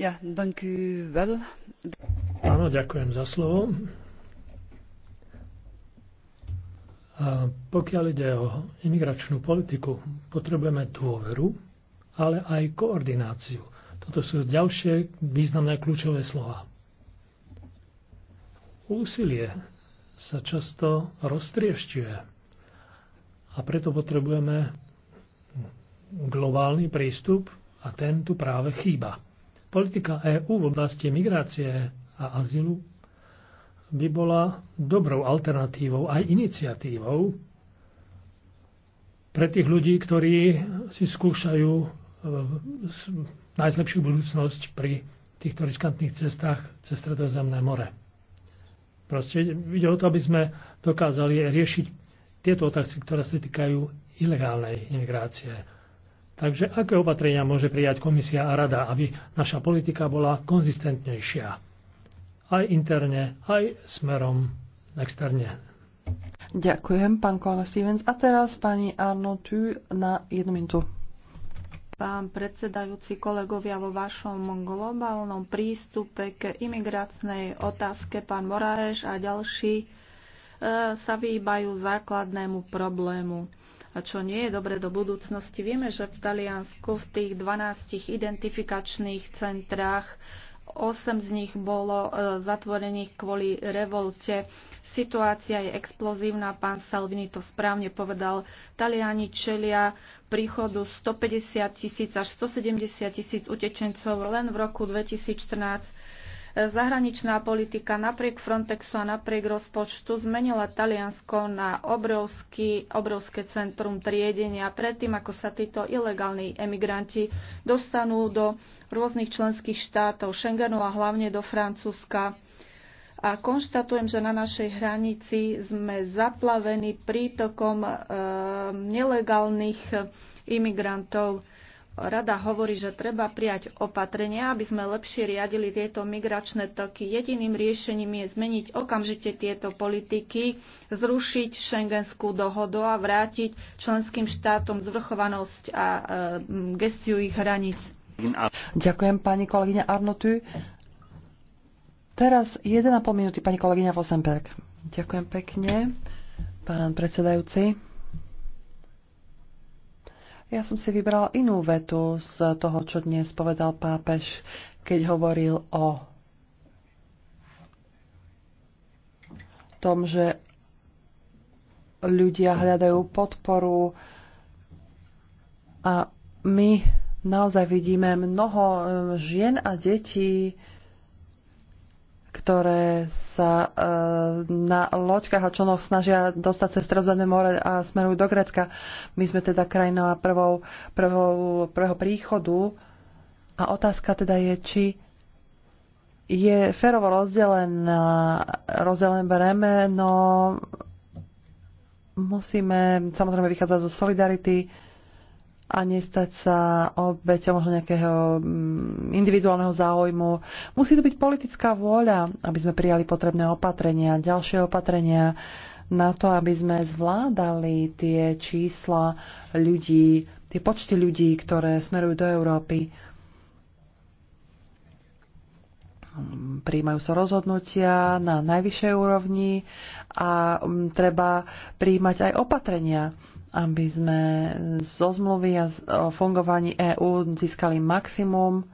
Ja, dank u wel. Áno, ďakujem za slovo. A pokiaľ ide o imigračnú politiku, potrebujeme dôveru, ale aj koordináciu. Toto sú ďalšie významné kľúčové slova. Úsilie sa často roztriešťuje a preto potrebujeme globálny prístup a ten tu práve chýba. Politika EÚ v oblasti migrácie a azylu by bola dobrou alternatívou aj iniciatívou pre tých ľudí, ktorí si skúšajú eh, najlepšiu budúcnosť pri týchto riskantných cestách cez Stredozemné more. Proste ide o to, aby sme dokázali riešiť tieto otázky, ktoré sa týkajú ilegálnej imigrácie. Takže aké opatrenia môže prijať komisia a rada, aby naša politika bola konzistentnejšia? Aj interne, aj smerom externe. Ďakujem, pán Kola Stevens. A teraz pani Arno Tu na jednu minútu. Pán predsedajúci kolegovia, vo vašom globálnom prístupe k imigračnej otázke pán Moraeš a ďalší e, sa vyhýbajú základnému problému a čo nie je dobre do budúcnosti. Vieme, že v Taliansku v tých 12 identifikačných centrách 8 z nich bolo e, zatvorených kvôli revolte. Situácia je explozívna, pán Salvini to správne povedal. Taliani čelia príchodu 150 tisíc až 170 tisíc utečencov len v roku 2014 zahraničná politika napriek Frontexu a napriek rozpočtu zmenila Taliansko na obrovský, obrovské centrum triedenia predtým, ako sa títo ilegálni emigranti dostanú do rôznych členských štátov, Schengenu a hlavne do Francúzska. A konštatujem, že na našej hranici sme zaplavení prítokom e, nelegálnych imigrantov Rada hovorí, že treba prijať opatrenia, aby sme lepšie riadili tieto migračné toky. Jediným riešením je zmeniť okamžite tieto politiky, zrušiť šengenskú dohodu a vrátiť členským štátom zvrchovanosť a e, gestiu ich hraníc. Ďakujem pani kolegyňa Arnotu. Teraz 1,5 minúty pani kolegyňa Vosenberg. Ďakujem pekne, pán predsedajúci. Ja som si vybral inú vetu z toho, čo dnes povedal pápež, keď hovoril o tom, že ľudia hľadajú podporu a my naozaj vidíme mnoho eh, žien a detí, ktoré sa e, na loďkách a člnoch snažia dostať cez Stredozemné more a smerujú do Grécka. My sme teda krajina prvou, prvou, prvého príchodu a otázka teda je, či je férovo rozdelená, rozdelené bremeno, musíme samozrejme vychádzať zo solidarity, a nestať sa obeťou možno nejakého mm, individuálneho záujmu. Musí to byť politická vôľa, aby sme prijali potrebné opatrenia, ďalšie opatrenia na to, aby sme zvládali tie čísla ľudí, tie počty ľudí, ktoré smerujú do Európy. Príjmajú sa rozhodnutia na najvyššej úrovni a mm, treba príjmať aj opatrenia aby sme zo zmluvy a o fungovaní EÚ získali maximum. E,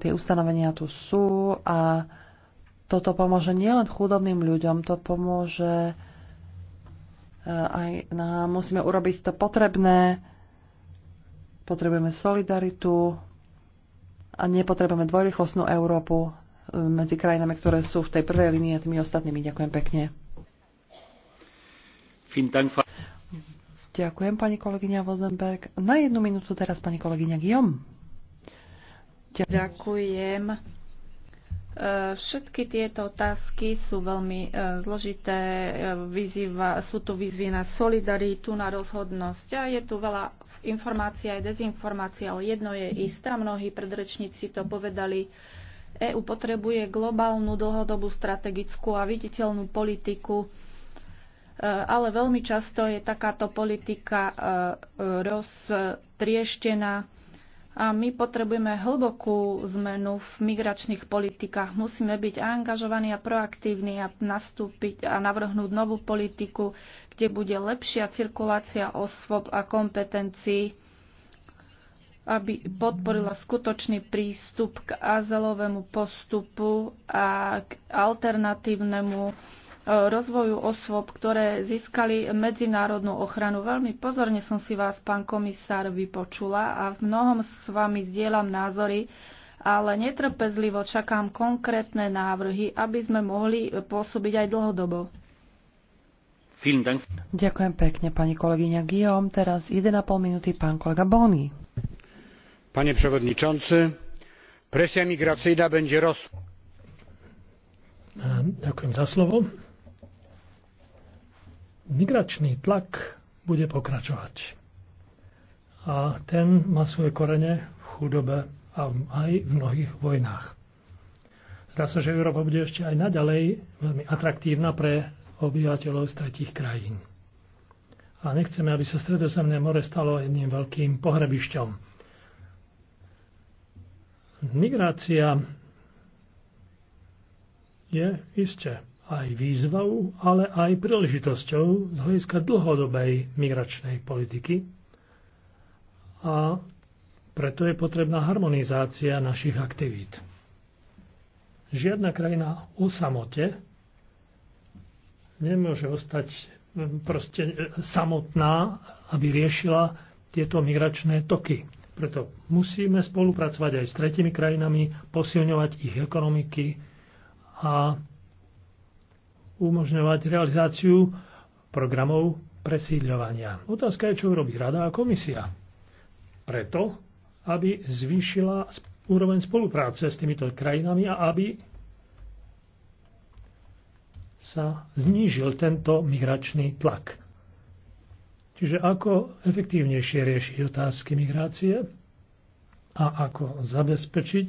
tie ustanovenia tu sú a toto pomôže nielen chudobným ľuďom, to pomôže e, aj nám. Musíme urobiť to potrebné. Potrebujeme solidaritu a nepotrebujeme dvojrychlostnú Európu e, medzi krajinami, ktoré sú v tej prvej línii a tými ostatnými. Ďakujem pekne. Ďakujem, pani kolegyňa Vozenberg. Na jednu minútu teraz pani kolegyňa Giom. Ďakujem. Ďakujem. E, všetky tieto otázky sú veľmi e, zložité. E, vyzýva, sú tu výzvy na solidaritu, na rozhodnosť a je tu veľa informácií aj dezinformácií, ale jedno je isté a mnohí predrečníci to povedali. EÚ potrebuje globálnu dlhodobú strategickú a viditeľnú politiku Eh, ale veľmi často je takáto politika eh, eh, roztrieštená a my potrebujeme hlbokú zmenu v migračných politikách. Musíme byť angažovaní a proaktívni a nastúpiť a navrhnúť novú politiku, kde bude lepšia cirkulácia osôb a kompetencií, aby podporila skutočný prístup k azelovému postupu a k alternatívnemu rozvoju osôb, ktoré získali medzinárodnú ochranu. Veľmi pozorne som si vás, pán komisár, vypočula a v mnohom s vami zdieľam názory, ale netrpezlivo čakám konkrétne návrhy, aby sme mohli pôsobiť aj dlhodobo. Ďakujem pekne, pani kolegyňa Guillaume. Teraz 1,5 minúty pán kolega Boni. Panie przewodniczący, presja migracyjna będzie rosła. Ďakujem za slovo migračný tlak bude pokračovať. A ten má svoje korene v chudobe a aj v mnohých vojnách. Zdá sa, že Európa bude ešte aj naďalej veľmi atraktívna pre obyvateľov z tretích krajín. A nechceme, aby sa Stredozemné more stalo jedným veľkým pohrebišťom. Migrácia je isté aj výzvou, ale aj príležitosťou z hľadiska dlhodobej migračnej politiky. A preto je potrebná harmonizácia našich aktivít. Žiadna krajina o samote nemôže ostať mm, proste e, samotná, aby riešila tieto migračné toky. Preto musíme spolupracovať aj s tretimi krajinami, posilňovať ich ekonomiky a umožňovať realizáciu programov presídľovania. Otázka je, čo urobí Rada a komisia. Preto, aby zvýšila úroveň spolupráce s týmito krajinami a aby sa znížil tento migračný tlak. Čiže ako efektívnejšie riešiť otázky migrácie a ako zabezpečiť,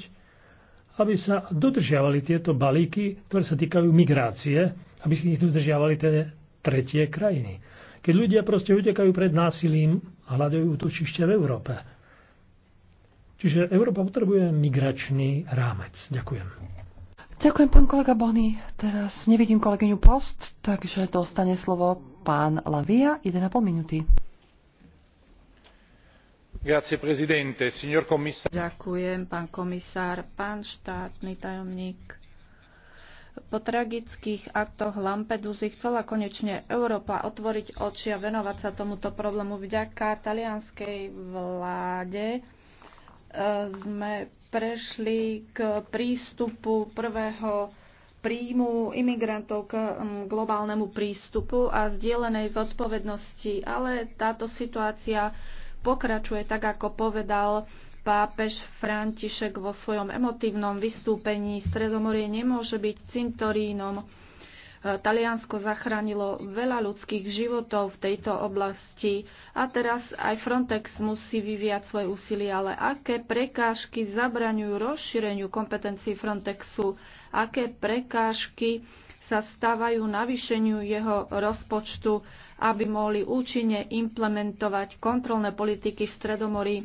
aby sa dodržiavali tieto balíky, ktoré sa týkajú migrácie, aby si ich dodržiavali tie tretie krajiny. Keď ľudia proste utekajú pred násilím a hľadajú útočište v Európe. Čiže Európa potrebuje migračný rámec. Ďakujem. Ďakujem, pán kolega Bony. Teraz nevidím kolegyňu Post, takže dostane slovo pán Lavia, 1,5 minúty. Grazie, Signor Ďakujem, pán komisár, pán štátny tajomník po tragických aktoch Lampedusy chcela konečne Európa otvoriť oči a venovať sa tomuto problému. Vďaka talianskej vláde e, sme prešli k prístupu prvého príjmu imigrantov k globálnemu prístupu a zdieľanej zodpovednosti. Ale táto situácia pokračuje tak, ako povedal Pápež František vo svojom emotívnom vystúpení Stredomorie nemôže byť cintorínom. E, Taliansko zachránilo veľa ľudských životov v tejto oblasti a teraz aj Frontex musí vyviať svoje úsilie, ale aké prekážky zabraňujú rozšíreniu kompetencií Frontexu, aké prekážky sa stávajú navýšeniu jeho rozpočtu, aby mohli účinne implementovať kontrolné politiky v Stredomorí.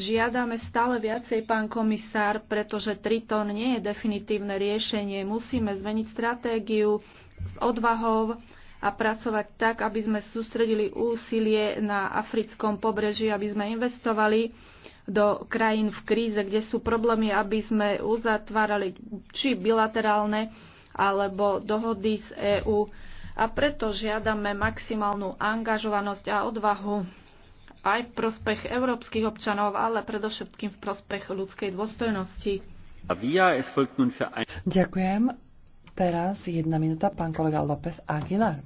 Žiadame stále viacej, pán komisár, pretože Triton nie je definitívne riešenie. Musíme zmeniť stratégiu s odvahou a pracovať tak, aby sme sústredili úsilie na africkom pobreží, aby sme investovali do krajín v kríze, kde sú problémy, aby sme uzatvárali či bilaterálne alebo dohody z EÚ. A preto žiadame maximálnu angažovanosť a odvahu aj v prospech európskych občanov, ale predovšetkým v prospech ľudskej dôstojnosti. Ďakujem. Teraz jedna minúta, pán kolega López Aguilar.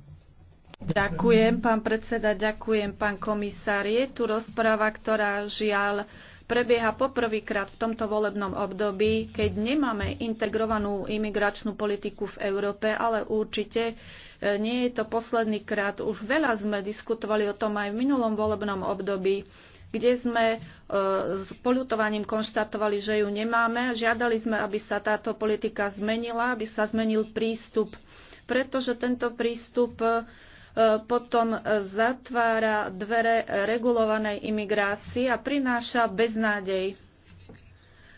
Ďakujem, pán predseda, ďakujem, pán komisár. Je tu rozpráva, ktorá žiaľ prebieha poprvýkrát v tomto volebnom období, keď nemáme integrovanú imigračnú politiku v Európe, ale určite E, nie je to posledný krát. Už veľa sme diskutovali o tom aj v minulom volebnom období kde sme e, s poľutovaním konštatovali, že ju nemáme. Žiadali sme, aby sa táto politika zmenila, aby sa zmenil prístup, pretože tento prístup e, potom zatvára dvere regulovanej imigrácii a prináša beznádej.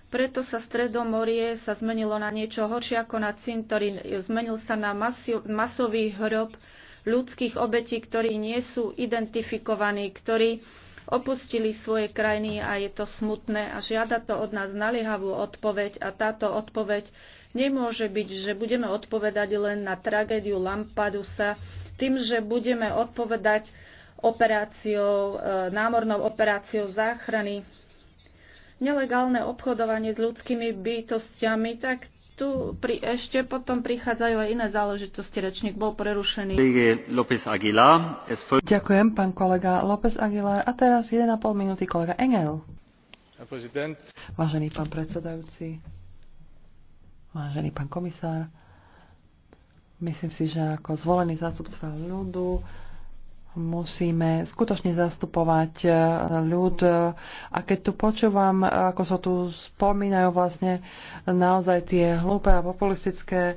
Preto sa Stredomorie sa zmenilo na niečo horšie ako na cintorín. Zmenil sa na masio, masový hrob ľudských obetí, ktorí nie sú identifikovaní, ktorí opustili svoje krajiny a je to smutné a žiada to od nás naliehavú odpoveď a táto odpoveď nemôže byť, že budeme odpovedať len na tragédiu Lampadusa tým, že budeme odpovedať operáciou, e, námornou operáciou záchrany nelegálne obchodovanie s ľudskými bytostiami, tak tu pri, ešte potom prichádzajú aj iné záležitosti. Rečník bol prerušený. Ďakujem, pán kolega López Aguilar. A teraz 1,5 minúty kolega Engel. Vážený pán predsedajúci, vážený pán komisár, myslím si, že ako zvolený zástupca ľudu, musíme skutočne zastupovať eh, ľud. A keď tu počúvam, ako sa so tu spomínajú vlastne naozaj tie hlúpe a populistické eh,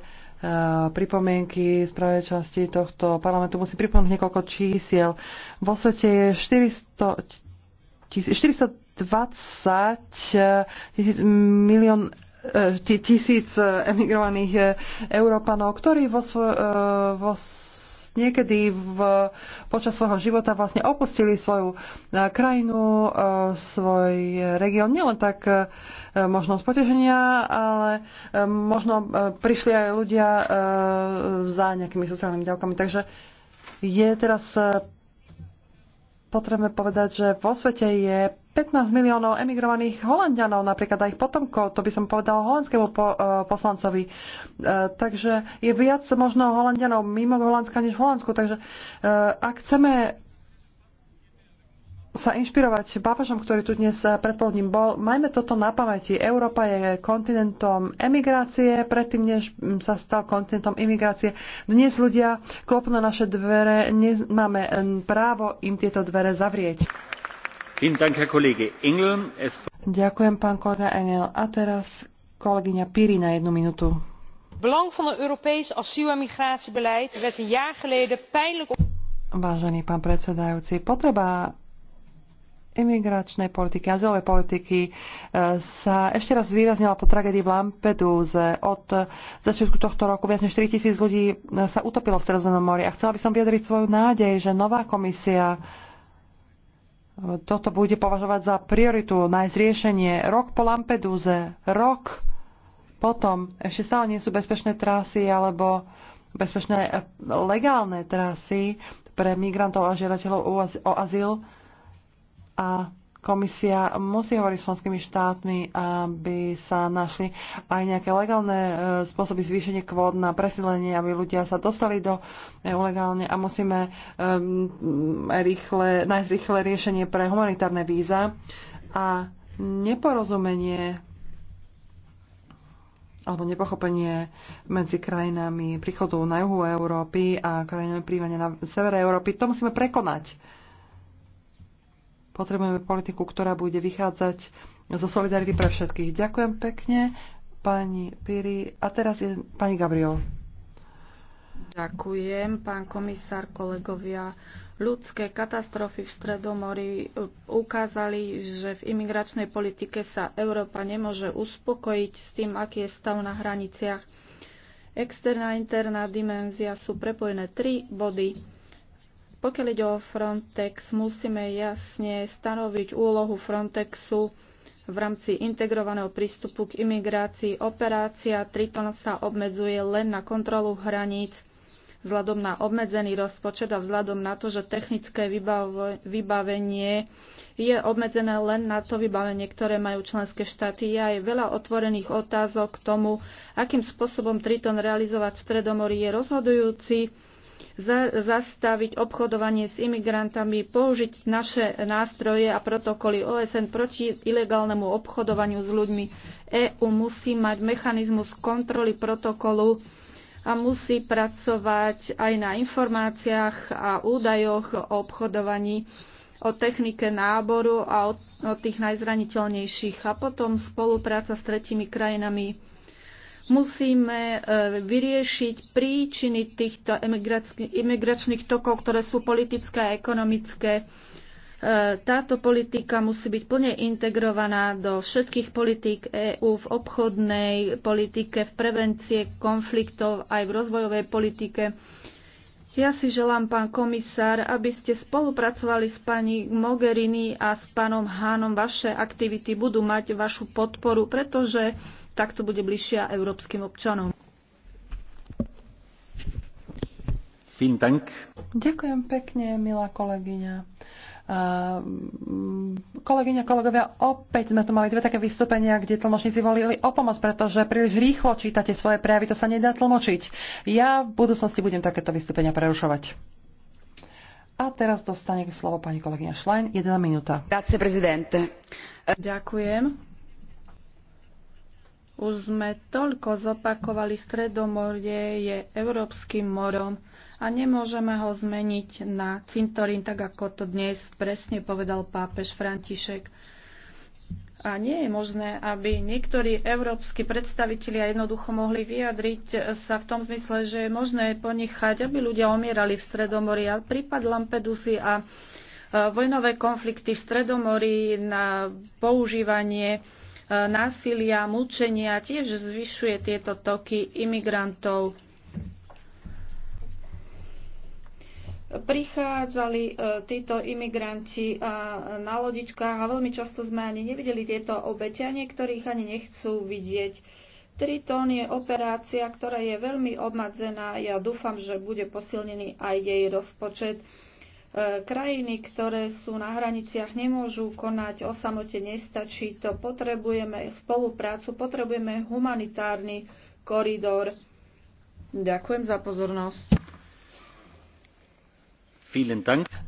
pripomienky z pravej časti tohto parlamentu, musím pripomenúť niekoľko čísiel. Vo svete je 400, 420 eh, tisíc milión tisíc emigrovaných Európanov, ktorí vo, svo, vo niekedy v, počas svojho života vlastne opustili svoju e, krajinu, e, svoj región, nielen tak e, možno z poteženia, ale možno prišli aj ľudia za nejakými sociálnymi ďalkami. Takže je teraz potrebujeme povedať, že vo svete je 15 miliónov emigrovaných Holandianov, napríklad aj ich potomkov, to by som povedal holandskému po, uh, poslancovi. Uh, takže je viac možno Holandianov mimo Holandska než v Holandsku. Takže uh, ak chceme sa inšpirovať pápažom, ktorý tu dnes eh, predpoludním bol. Majme toto na pamäti. Európa je kontinentom emigrácie, predtým, než mm, sa stal kontinentom imigrácie. Dnes ľudia klopnú na naše dvere, nemáme eh, právo im tieto dvere zavrieť. Ďakujem, pán kolega Engel. A teraz kolegyňa Piri na jednu minútu. Belang van een Europees asiel- en migratiebeleid werd een jaar geleden pijnlijk... Vážený pán predsedajúci, potreba imigračnej politiky, azylovej politiky e, sa ešte raz zvýraznila po tragédii v Lampedúze. Od začiatku tohto roku viac než 3000 ľudí e, sa utopilo v Stredozemnom mori a chcela by som vyjadriť svoju nádej, že nová komisia e, toto bude považovať za prioritu nájsť riešenie. Rok po Lampedúze, rok potom, ešte stále nie sú bezpečné trasy alebo bezpečné legálne trasy pre migrantov a žiadateľov o azyl a komisia musí hovoriť s členskými štátmi, aby sa našli aj nejaké legálne e, spôsoby zvýšenia kvót na presídlenie, aby ľudia sa dostali do EU legálne a musíme um, rýchle, nájsť rýchle riešenie pre humanitárne víza a neporozumenie alebo nepochopenie medzi krajinami príchodu na juhu Európy a krajinami príjmania na severe Európy, to musíme prekonať Potrebujeme politiku, ktorá bude vychádzať zo solidarity pre všetkých. Ďakujem pekne, pani Piri. A teraz je pani Gabriel. Ďakujem, pán komisár, kolegovia. Ľudské katastrofy v Stredomori e, ukázali, že v imigračnej politike sa Európa nemôže uspokojiť s tým, aký je stav na hraniciach. Externá a interná dimenzia sú prepojené tri body. Pokiaľ ide o Frontex, musíme jasne stanoviť úlohu Frontexu v rámci integrovaného prístupu k imigrácii. Operácia Triton sa obmedzuje len na kontrolu hraníc vzhľadom na obmedzený rozpočet a vzhľadom na to, že technické vybavenie je obmedzené len na to vybavenie, ktoré majú členské štáty. Je aj veľa otvorených otázok k tomu, akým spôsobom Triton realizovať v Stredomorí je rozhodujúci za- zastaviť obchodovanie s imigrantami, použiť naše nástroje a protokoly OSN proti ilegálnemu obchodovaniu s ľuďmi. EÚ musí mať mechanizmus kontroly protokolu a musí pracovať aj na informáciách a údajoch o obchodovaní, o technike náboru a o, o tých najzraniteľnejších. A potom spolupráca s tretimi krajinami Musíme e, vyriešiť príčiny týchto imigračných tokov, ktoré sú politické a ekonomické. E, táto politika musí byť plne integrovaná do všetkých politík EÚ v obchodnej politike, v prevencie konfliktov, aj v rozvojovej politike ja si želám, pán komisár, aby ste spolupracovali s pani Mogherini a s pánom Hánom. Vaše aktivity budú mať vašu podporu, pretože takto bude bližšia európskym občanom. Ďakujem pekne, milá kolegyňa. Ehm, kolegyňa, kolegovia, opäť sme tu mali dve také vystúpenia, kde tlmočníci volili o pomoc, pretože príliš rýchlo čítate svoje prejavy, to sa nedá tlmočiť. Ja v budúcnosti budem takéto vystúpenia prerušovať. A teraz dostane slovo pani kolegyňa Schlein. Jedna minúta. Ďakujem. Už sme toľko zopakovali, Stredomorie je európskym morom a nemôžeme ho zmeniť na cintorín, tak ako to dnes presne povedal pápež František. A nie je možné, aby niektorí európsky predstavitelia jednoducho mohli vyjadriť sa v tom zmysle, že je možné ponechať, aby ľudia omierali v Stredomori. A prípad Lampedusy a e, vojnové konflikty v Stredomori na používanie e, násilia, mučenia tiež zvyšuje tieto toky imigrantov prichádzali e, títo imigranti e, na lodičkách a veľmi často sme ani nevideli tieto obete a niektorých ani nechcú vidieť. Triton je operácia, ktorá je veľmi obmedzená. Ja dúfam, že bude posilnený aj jej rozpočet. E, krajiny, ktoré sú na hraniciach, nemôžu konať o samote, nestačí to. Potrebujeme spoluprácu, potrebujeme humanitárny koridor. Ďakujem za pozornosť.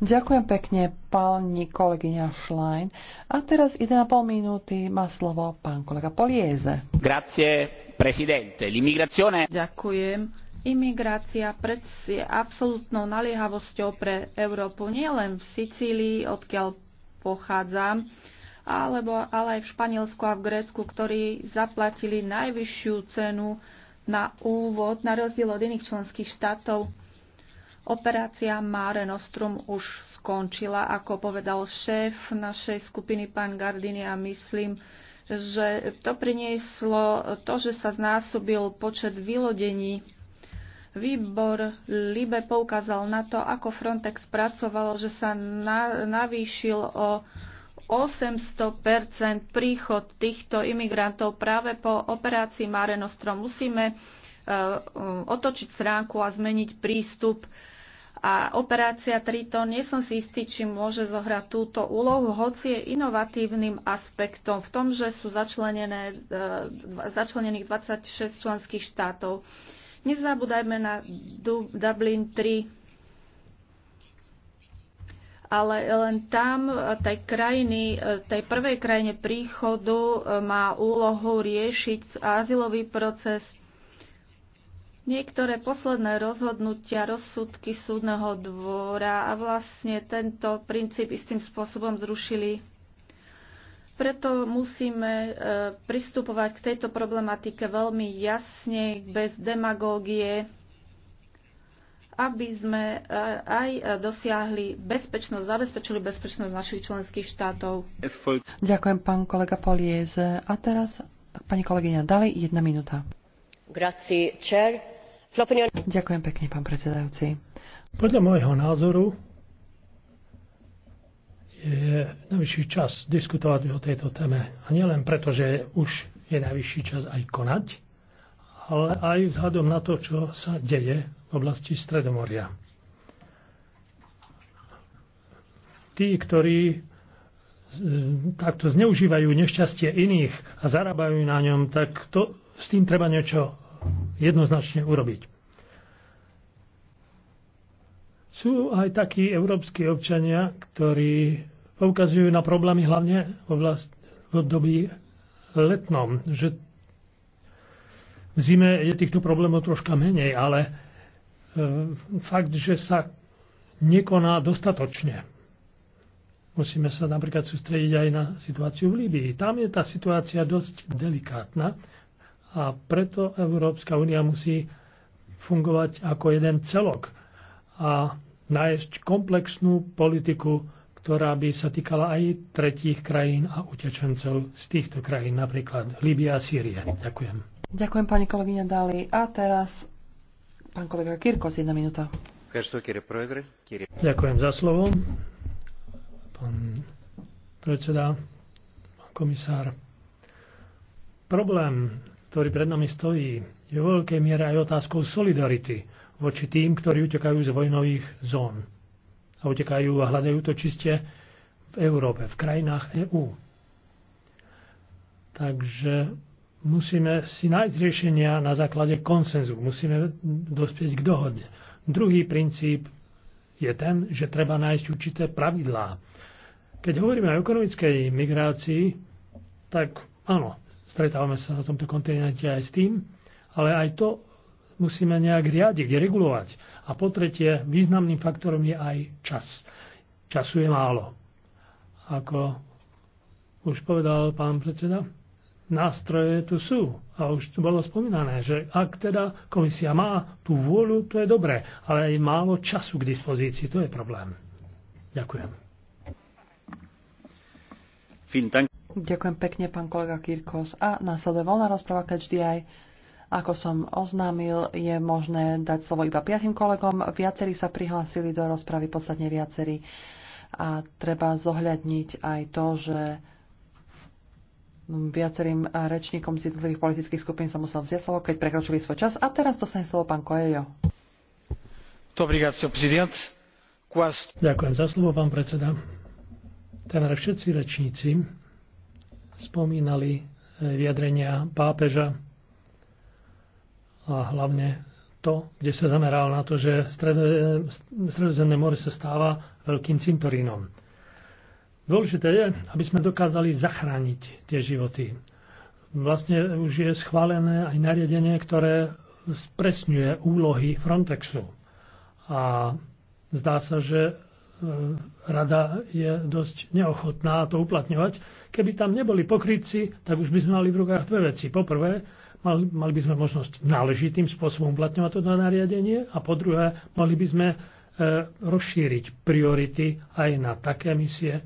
Ďakujem pekne, pani kolegyňa Schlein. A teraz 1,5 minúty má slovo pán kolega Polieze. Grazie, presidente. L'immigrazione... Ďakujem. Imigrácia je absolútnou naliehavosťou pre Európu nielen v Sicílii, odkiaľ pochádzam, alebo, ale aj v Španielsku a v Grécku, ktorí zaplatili najvyššiu cenu na úvod, na rozdiel od iných členských štátov Operácia Mare Nostrum už skončila, ako povedal šéf našej skupiny pán Gardini a myslím, že to prinieslo to, že sa znásobil počet vylodení. Výbor Libe poukázal na to, ako Frontex pracovalo, že sa na, navýšil o 800 príchod týchto imigrantov práve po operácii Mare Nostrum. Musíme eh, otočiť stránku a zmeniť prístup a operácia Triton, nie som si istý, či môže zohrať túto úlohu, hoci je inovatívnym aspektom v tom, že sú začlenené, e, začlenených 26 členských štátov. Nezabúdajme na Dublin 3, ale len tam e, tej krajiny, e, tej prvej krajine príchodu má úlohu riešiť azylový proces, Niektoré posledné rozhodnutia, rozsudky súdneho dvora a vlastne tento princíp istým spôsobom zrušili. Preto musíme e, pristupovať k tejto problematike veľmi jasne, bez demagógie, aby sme e, aj e, dosiahli bezpečnosť, zabezpečili bezpečnosť našich členských štátov. Ďakujem, pán kolega Polies. A teraz pani kolegyňa Dali, jedna minúta. Grazie, čer. Ďakujem pekne, pán predsedajúci. Podľa môjho názoru je najvyšší čas diskutovať o tejto téme. A nielen preto, že už je najvyšší čas aj konať, ale aj vzhľadom na to, čo sa deje v oblasti Stredomoria. Tí, ktorí takto zneužívajú nešťastie iných a zarábajú na ňom, tak to, s tým treba niečo jednoznačne urobiť. Sú aj takí európsky občania, ktorí poukazujú na problémy hlavne v, oblast, v období letnom, že v zime je týchto problémov troška menej, ale e, fakt, že sa nekoná dostatočne. Musíme sa napríklad sústrediť aj na situáciu v Líbii. Tam je tá situácia dosť delikátna a preto Európska únia musí fungovať ako jeden celok a nájsť komplexnú politiku, ktorá by sa týkala aj tretích krajín a utečencov z týchto krajín, napríklad Líbia a Sýria. Ďakujem. Ďakujem pani kolegyňa Dali. A teraz pán kolega Kirkos, jedna minúta. Ďakujem za slovo. Pán predseda, pán komisár. Problém ktorý pred nami stojí, je vo veľkej miere aj otázkou solidarity voči tým, ktorí utekajú z vojnových zón. A utekajú a hľadajú to čiste v Európe, v krajinách EÚ. Takže musíme si nájsť riešenia na základe konsenzu. Musíme dospieť k dohode. Druhý princíp je ten, že treba nájsť určité pravidlá. Keď hovoríme o ekonomickej migrácii, tak áno, Stretávame sa na tomto kontinente aj s tým, ale aj to musíme nejak riadiť, regulovať. A po tretie, významným faktorom je aj čas. Času je málo. Ako už povedal pán predseda, nástroje tu sú. A už tu bolo spomínané, že ak teda komisia má tú vôľu, to je dobré, ale aj málo času k dispozícii, to je problém. Ďakujem. Ďakujem pekne, pán kolega Kirkos. A následuje voľná rozpráva, keď vždy aj ako som oznámil, je možné dať slovo iba piatim kolegom. Viacerí sa prihlásili do rozpravy, podstatne viacerí. A treba zohľadniť aj to, že viacerým rečníkom z jednotlivých politických skupín som musel vziať slovo, keď prekročili svoj čas. A teraz dostane slovo pán Kojejo. Ďakujem za slovo, pán predseda. Temer všetci rečníci spomínali eh, vyjadrenia pápeža a hlavne to, kde sa zameral na to, že Stredozemné more sa stáva veľkým cintorínom. Dôležité je, aby sme dokázali zachrániť tie životy. Vlastne už je schválené aj nariadenie, ktoré spresňuje úlohy Frontexu. A zdá sa, že E, rada je dosť neochotná to uplatňovať. Keby tam neboli pokrytci, tak už by sme mali v rukách dve veci. Poprvé, mali, mali by sme možnosť náležitým spôsobom uplatňovať to nariadenie a po druhé, mali by sme e, rozšíriť priority aj na také misie,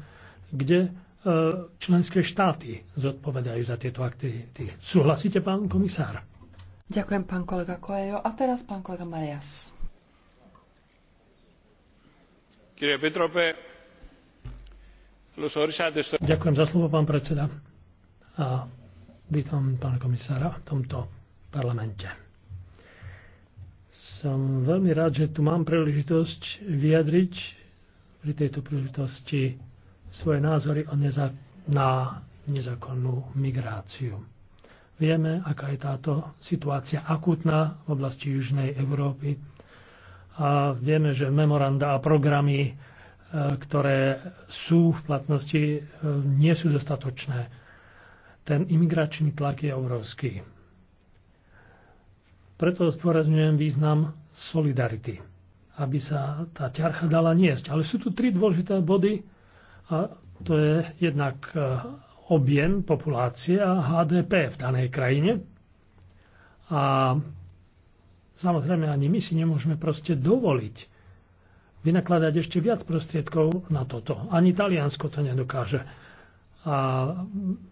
kde e, členské štáty zodpovedajú za tieto aktivity. Súhlasíte, pán komisár? Ďakujem, pán kolega Koejo. A teraz pán kolega Marias. Ďakujem za slovo, pán predseda. A vítam pána komisára v tomto parlamente. Som veľmi rád, že tu mám príležitosť vyjadriť pri tejto príležitosti svoje názory o neza- na nezákonnú migráciu. Vieme, aká je táto situácia akutná v oblasti Južnej Európy a vieme, že memoranda a programy, e, ktoré sú v platnosti, e, nie sú dostatočné. Ten imigračný tlak je obrovský. Preto zdôrazňujem význam solidarity, aby sa tá ťarcha dala niesť. Ale sú tu tri dôležité body a to je jednak e, objem populácie a HDP v danej krajine. A Samozrejme, ani my si nemôžeme proste dovoliť vynakladať ešte viac prostriedkov na toto. Ani Taliansko to nedokáže. A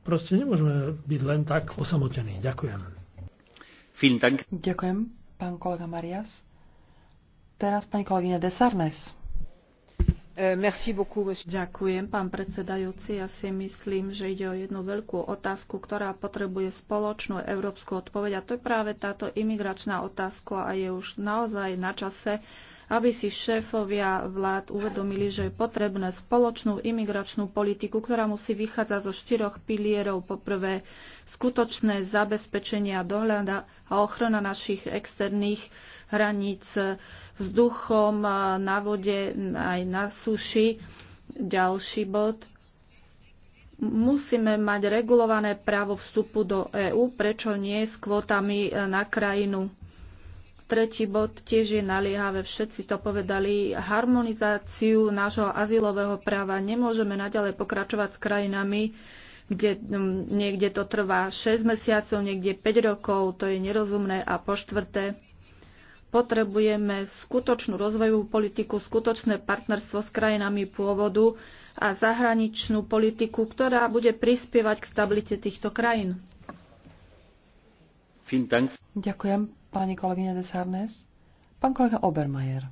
proste nemôžeme byť len tak osamotení. Ďakujem. Ďakujem, pán kolega Marias. Teraz pani kolegyňa Desarnes. Eh, Ďakujem, pán predsedajúci. Ja si myslím, že ide o jednu veľkú otázku, ktorá potrebuje spoločnú európsku odpoveď. A to je práve táto imigračná otázka a je už naozaj na čase, aby si šéfovia vlád uvedomili, že je potrebné spoločnú imigračnú politiku, ktorá musí vychádzať zo štyroch pilierov. Po prvé, skutočné zabezpečenie a dohľada a ochrana našich externých hraníc vzduchom, na vode, aj na suši. Ďalší bod. Musíme mať regulované právo vstupu do EÚ, prečo nie s kvotami e, na krajinu. Tretí bod tiež je naliehavé, všetci to povedali. Harmonizáciu nášho azylového práva nemôžeme naďalej pokračovať s krajinami, kde niekde to trvá 6 mesiacov, niekde 5 rokov, to je nerozumné. A po štvrté, Potrebujeme skutočnú rozvojovú politiku, skutočné partnerstvo s krajinami pôvodu a zahraničnú politiku, ktorá bude prispievať k stabilite týchto krajín. Ďakujem, pani de Desarnes. Pán kolega Obermajer.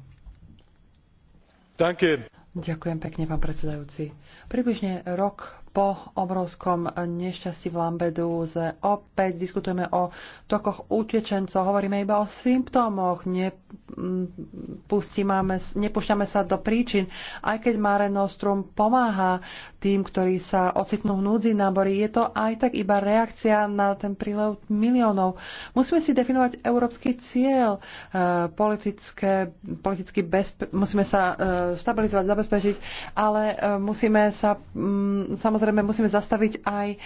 Ďakujem pekne, pán predsedajúci. Približne rok po obrovskom nešťastí v Lambedúze Opäť diskutujeme o tokoch utečencov, hovoríme iba o symptómoch, mm, nepúšťame sa do príčin. Aj keď Mare Nostrum pomáha tým, ktorí sa ocitnú v núdzi na je to aj tak iba reakcia na ten prílev miliónov. Musíme si definovať európsky cieľ, eh, politické, politicky bezpe- musíme sa eh, stabilizovať, zabezpečiť, ale eh, musíme sa mm, samozrejme samozrejme musíme zastaviť aj e,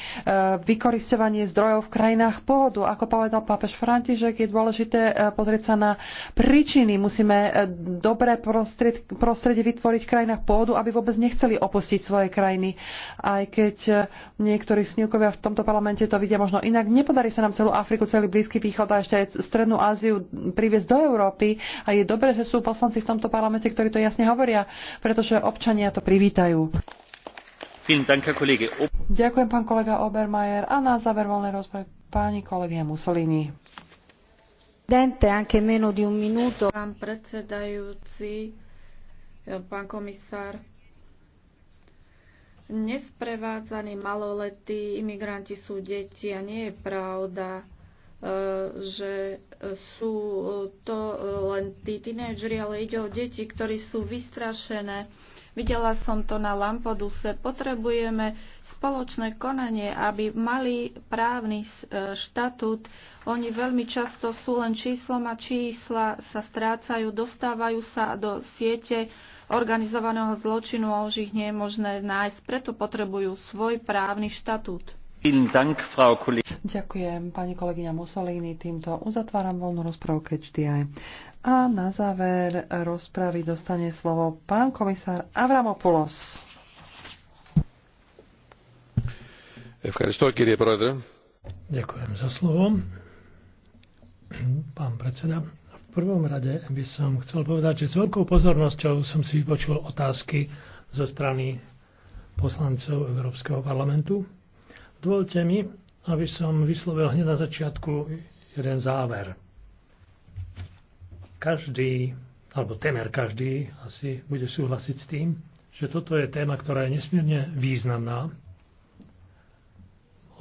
vykoristovanie zdrojov v krajinách pôvodu. Ako povedal pápež František, je dôležité e, pozrieť sa na príčiny. Musíme e, dobré prostredie vytvoriť v krajinách pôvodu, aby vôbec nechceli opustiť svoje krajiny. Aj keď niektorí snílkovia v tomto parlamente to vidia možno inak, nepodarí sa nám celú Afriku, celý Blízky východ a ešte aj Strednú Áziu priviesť do Európy. A je dobré, že sú poslanci v tomto parlamente, ktorí to jasne hovoria, pretože občania to privítajú. Ďakujem, pán kolega Obermajer. A na záver voľnej rozprave pani kolegia Mussolini. Pán predsedajúci, pán komisár, nesprevádzaní maloletí imigranti sú deti a nie je pravda, e, že sú to len tí tínejdžeri, ale ide o deti, ktorí sú vystrašené Videla som to na Lampoduse. Potrebujeme spoločné konanie, aby mali právny e, štatút. Oni veľmi často sú len číslom a čísla sa strácajú, dostávajú sa do siete organizovaného zločinu a už ich nie je možné nájsť. Preto potrebujú svoj právny štatút. Ďakujem pani kolegyňa Mussolini. Týmto uzatváram voľnú rozpravu KHDI. A na záver rozpravy dostane slovo pán komisár Avramopoulos. Ďakujem za slovo. Pán predseda, v prvom rade by som chcel povedať, že s veľkou pozornosťou som si vypočul otázky zo strany poslancov Európskeho parlamentu Dovolte mi, aby som vyslovil hneď na začiatku jeden záver. Každý, alebo temer každý, asi bude súhlasiť s tým, že toto je téma, ktorá je nesmierne významná,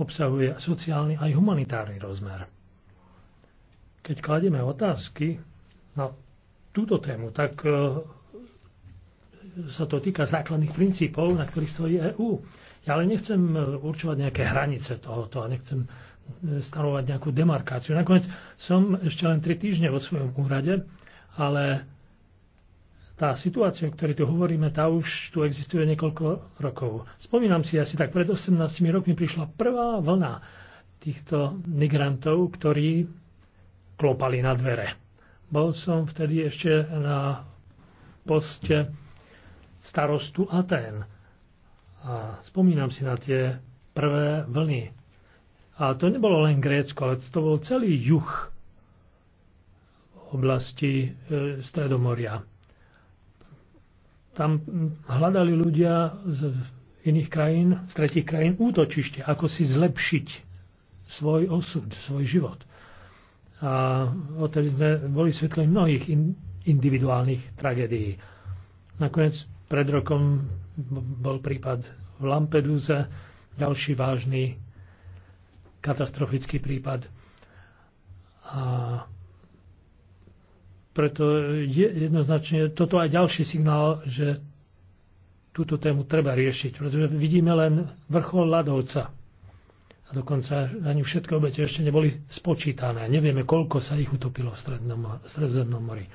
obsahuje sociálny aj humanitárny rozmer. Keď kladieme otázky na túto tému, tak e, sa to týka základných princípov, na ktorých stojí EÚ. Ja ale nechcem e, určovať nejaké hranice tohoto a nechcem e, stanovať nejakú demarkáciu. Nakoniec som ešte len 3 týždne vo svojom úrade, ale tá situácia, o ktorej tu hovoríme, tá už tu existuje niekoľko rokov. Spomínam si, asi tak pred 18 rokmi prišla prvá vlna týchto migrantov, ktorí klopali na dvere. Bol som vtedy ešte na poste starostu Atén. A spomínam si na tie prvé vlny. A to nebolo len Grécko, ale to bol celý juh oblasti e, Stredomoria. Tam hľadali ľudia z iných krajín, z tretich krajín útočište, ako si zlepšiť svoj osud, svoj život. A odtedy sme boli svetkami mnohých individuálnych tragédií. Nakoniec pred rokom bol prípad v Lampeduze, ďalší vážny katastrofický prípad. A preto je jednoznačne toto aj ďalší signál, že túto tému treba riešiť, pretože vidíme len vrchol ľadovca. A dokonca ani všetky obete ešte neboli spočítané. Nevieme, koľko sa ich utopilo v Stredozemnom mori.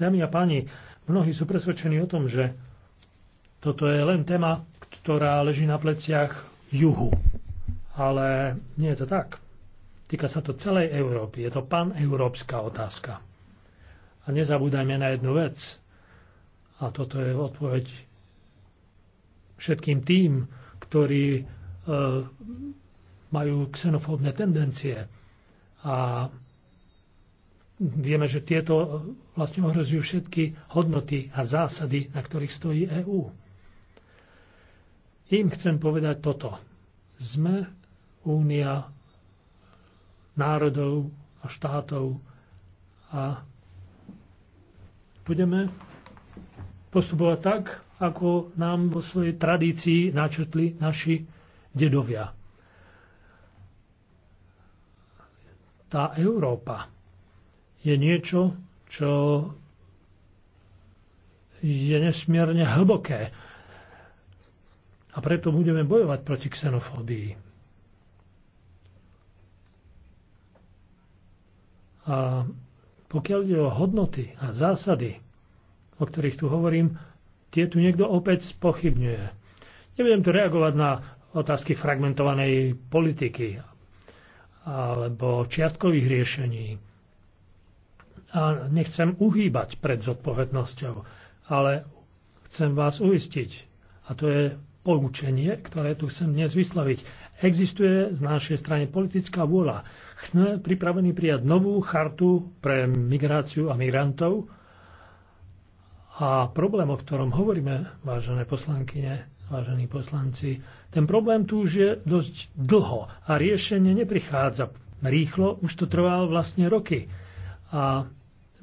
Dámy a páni, mnohí sú presvedčení o tom, že toto je len téma, ktorá leží na pleciach juhu. Ale nie je to tak. Týka sa to celej Európy. Je to paneurópska otázka. A nezabúdajme na jednu vec. A toto je odpoveď všetkým tým, ktorí e, majú xenofóbne tendencie. A vieme, že tieto e, vlastne ohrozujú všetky hodnoty a zásady, na ktorých stojí EÚ. Im chcem povedať toto. Sme únia národov a štátov a budeme postupovať tak, ako nám vo svojej tradícii načetli naši dedovia. Tá Európa je niečo, čo je nesmierne hlboké a preto budeme bojovať proti xenofóbii. A pokiaľ ide o hodnoty a zásady, o ktorých tu hovorím, tie tu niekto opäť spochybňuje. Nebudem tu reagovať na otázky fragmentovanej politiky alebo čiastkových riešení. A nechcem uhýbať pred zodpovednosťou, ale chcem vás uistiť, a to je poučenie, ktoré tu chcem dnes vysloviť. Existuje z našej strany politická vôľa. Sme pripravení prijať novú chartu pre migráciu a migrantov. A problém, o ktorom hovoríme, vážené poslankyne, vážení poslanci, ten problém tu už je dosť dlho a riešenie neprichádza rýchlo, už to trval vlastne roky. A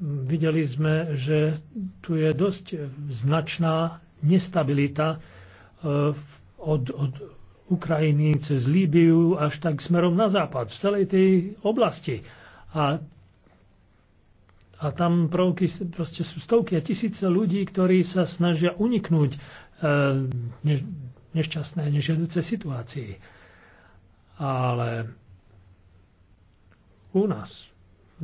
videli sme, že tu je dosť značná nestabilita Eh, od, od Ukrajiny cez Líbiu až tak smerom na západ, v celej tej oblasti. A, a tam prvky, proste sú stovky a tisíce ľudí, ktorí sa snažia uniknúť eh, ne, nešťastné, nežiaduce situácii. Ale u nás,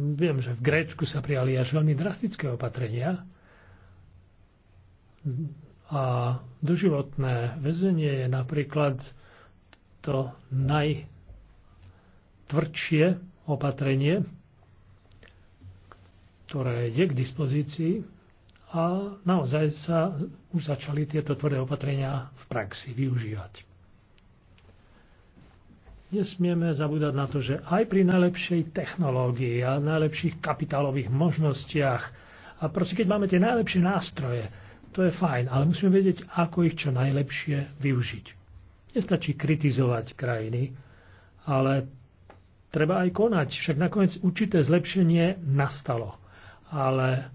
viem, že v Grécku sa prijali až veľmi drastické opatrenia, a doživotné väzenie je napríklad to najtvrdšie opatrenie, ktoré je k dispozícii a naozaj sa už začali tieto tvrdé opatrenia v praxi využívať. Nesmieme zabúdať na to, že aj pri najlepšej technológii a najlepších kapitálových možnostiach a proste keď máme tie najlepšie nástroje, to je fajn, ale musíme vedieť, ako ich čo najlepšie využiť. Nestačí kritizovať krajiny, ale treba aj konať. Však nakoniec určité zlepšenie nastalo. Ale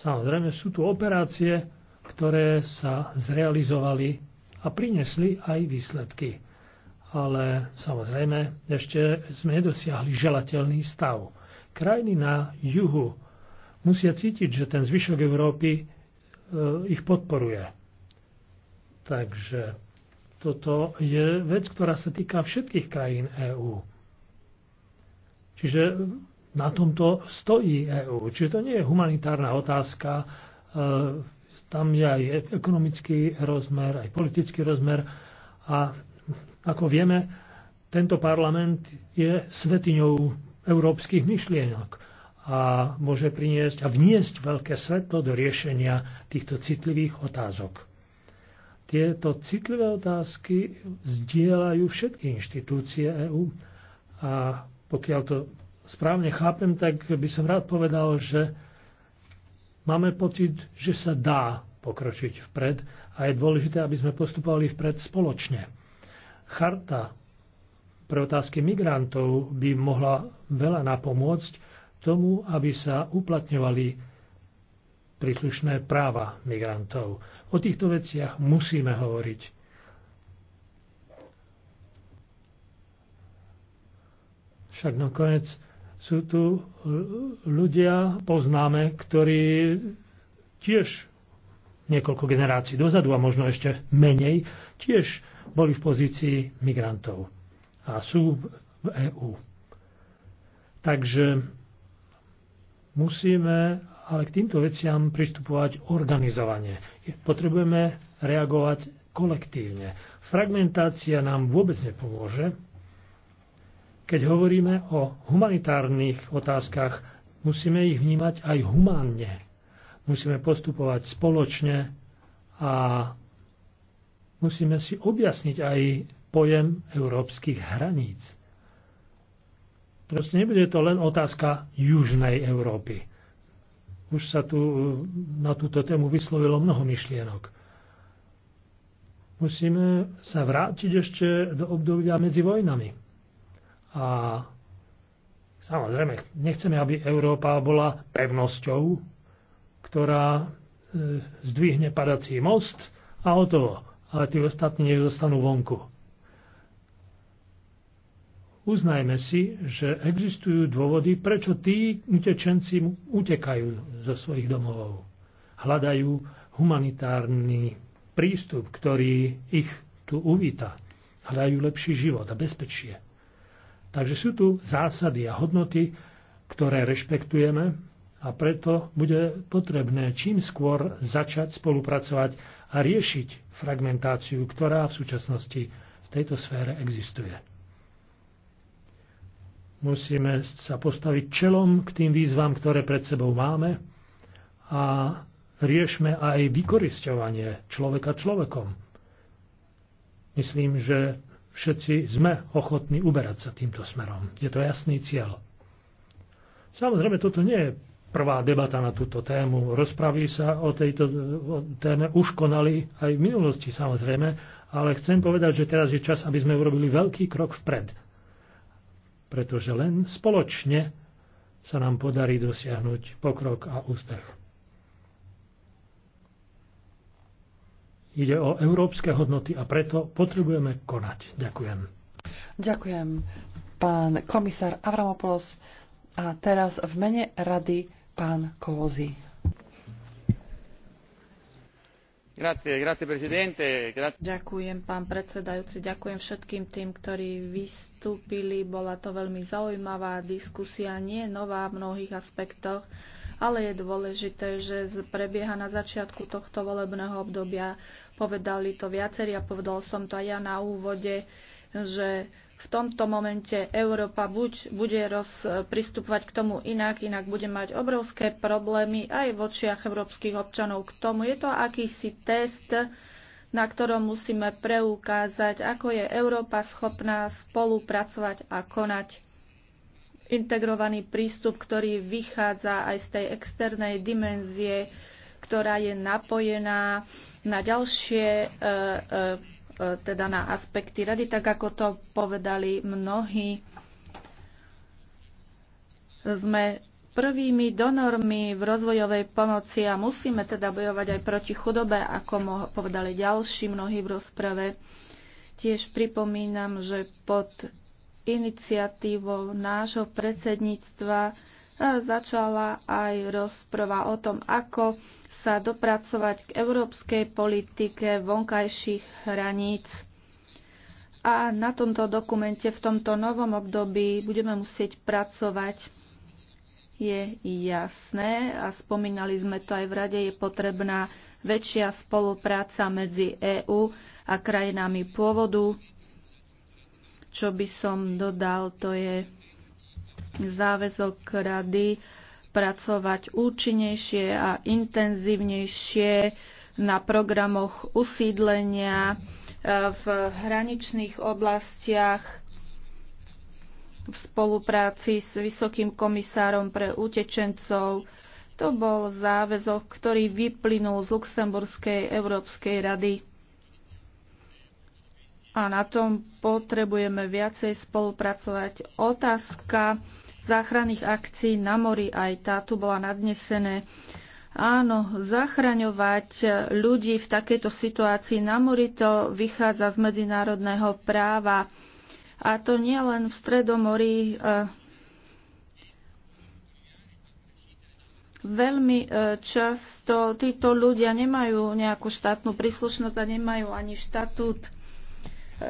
samozrejme sú tu operácie, ktoré sa zrealizovali a prinesli aj výsledky. Ale samozrejme ešte sme nedosiahli želateľný stav. Krajiny na juhu musia cítiť, že ten zvyšok Európy E, ich podporuje. Takže toto je vec, ktorá sa týka všetkých krajín EÚ. Čiže na tomto stojí EÚ. Čiže to nie je humanitárna otázka, e, tam je aj ekonomický rozmer, aj politický rozmer a ako vieme, tento parlament je svetiňou európskych myšlienok a môže priniesť a vniesť veľké svetlo do riešenia týchto citlivých otázok. Tieto citlivé otázky vzdielajú všetky inštitúcie EÚ a pokiaľ to správne chápem, tak by som rád povedal, že máme pocit, že sa dá pokročiť vpred a je dôležité, aby sme postupovali vpred spoločne. Charta pre otázky migrantov by mohla veľa napomôcť tomu, aby sa uplatňovali príslušné práva migrantov. O týchto veciach musíme hovoriť. Však nakoniec sú tu e, ľudia, poznáme, ktorí tiež niekoľko generácií dozadu a možno ešte menej, tiež boli v pozícii migrantov a sú v EÚ. Takže Musíme ale k týmto veciam pristupovať organizovane. Potrebujeme reagovať kolektívne. Fragmentácia nám vôbec nepomôže. Keď hovoríme o humanitárnych otázkach, musíme ich vnímať aj humánne. Musíme postupovať spoločne a musíme si objasniť aj pojem európskych hraníc. Proste nebude to len otázka južnej Európy. Už sa tu e, na túto tému vyslovilo mnoho myšlienok. Musíme sa vrátiť ešte do obdobia medzi vojnami. A samozrejme, nechceme, aby Európa bola pevnosťou, ktorá e, zdvihne padací most a o to, ale tí ostatní nech zostanú vonku uznajme si, že existujú dôvody, prečo tí utečenci utekajú zo svojich domovov. Hľadajú humanitárny prístup, ktorý ich tu uvíta. Hľadajú lepší život a bezpečie. Takže sú tu zásady a hodnoty, ktoré rešpektujeme a preto bude potrebné čím skôr začať spolupracovať a riešiť fragmentáciu, ktorá v súčasnosti v tejto sfére existuje. Musíme sa postaviť čelom k tým výzvam, ktoré pred sebou máme a riešme aj vykoristovanie človeka človekom. Myslím, že všetci sme ochotní uberať sa týmto smerom. Je to jasný cieľ. Samozrejme, toto nie je prvá debata na túto tému. Rozpravy sa o tejto téme už konali aj v minulosti samozrejme, ale chcem povedať, že teraz je čas, aby sme urobili veľký krok vpred pretože len spoločne sa nám podarí dosiahnuť pokrok a úspech. Ide o európske hodnoty a preto potrebujeme konať. Ďakujem. Ďakujem, pán komisár Avramopoulos. A teraz v mene rady pán Kovozy. Ďakujem, pán predsedajúci. Ďakujem všetkým tým, ktorí vystúpili. Bola to veľmi zaujímavá diskusia, nie nová v mnohých aspektoch, ale je dôležité, že prebieha na začiatku tohto volebného obdobia. Povedali to viacerí a povedal som to aj ja na úvode, že v tomto momente Európa buď bude roz, e, pristupovať k tomu inak, inak bude mať obrovské problémy aj v očiach európskych občanov k tomu. Je to akýsi test, na ktorom musíme preukázať, ako je Európa schopná spolupracovať a konať. Integrovaný prístup, ktorý vychádza aj z tej externej dimenzie, ktorá je napojená na ďalšie e, e, E, teda na aspekty rady, tak ako to povedali mnohí. Sme prvými donormi v rozvojovej pomoci a musíme teda bojovať aj proti chudobe, ako povedali ďalší mnohí v rozprave. Tiež pripomínam, že pod iniciatívou nášho predsedníctva e, začala aj rozprava o tom, ako sa dopracovať k európskej politike vonkajších hraníc. A na tomto dokumente v tomto novom období budeme musieť pracovať. Je jasné, a spomínali sme to aj v Rade, je potrebná väčšia spolupráca medzi EÚ a krajinami pôvodu. Čo by som dodal, to je záväzok Rady pracovať účinnejšie a intenzívnejšie na programoch usídlenia e, v hraničných oblastiach v spolupráci s Vysokým komisárom pre utečencov. To bol záväzok, ktorý vyplynul z Luxemburskej Európskej rady. A na tom potrebujeme viacej spolupracovať. Otázka záchranných akcií na mori, aj tá tu bola nadnesené. Áno, zachraňovať ľudí v takejto situácii na mori to vychádza z medzinárodného práva. A to nie len v Stredomorí. Eh, veľmi eh, často títo ľudia nemajú nejakú štátnu príslušnosť a nemajú ani štatút E,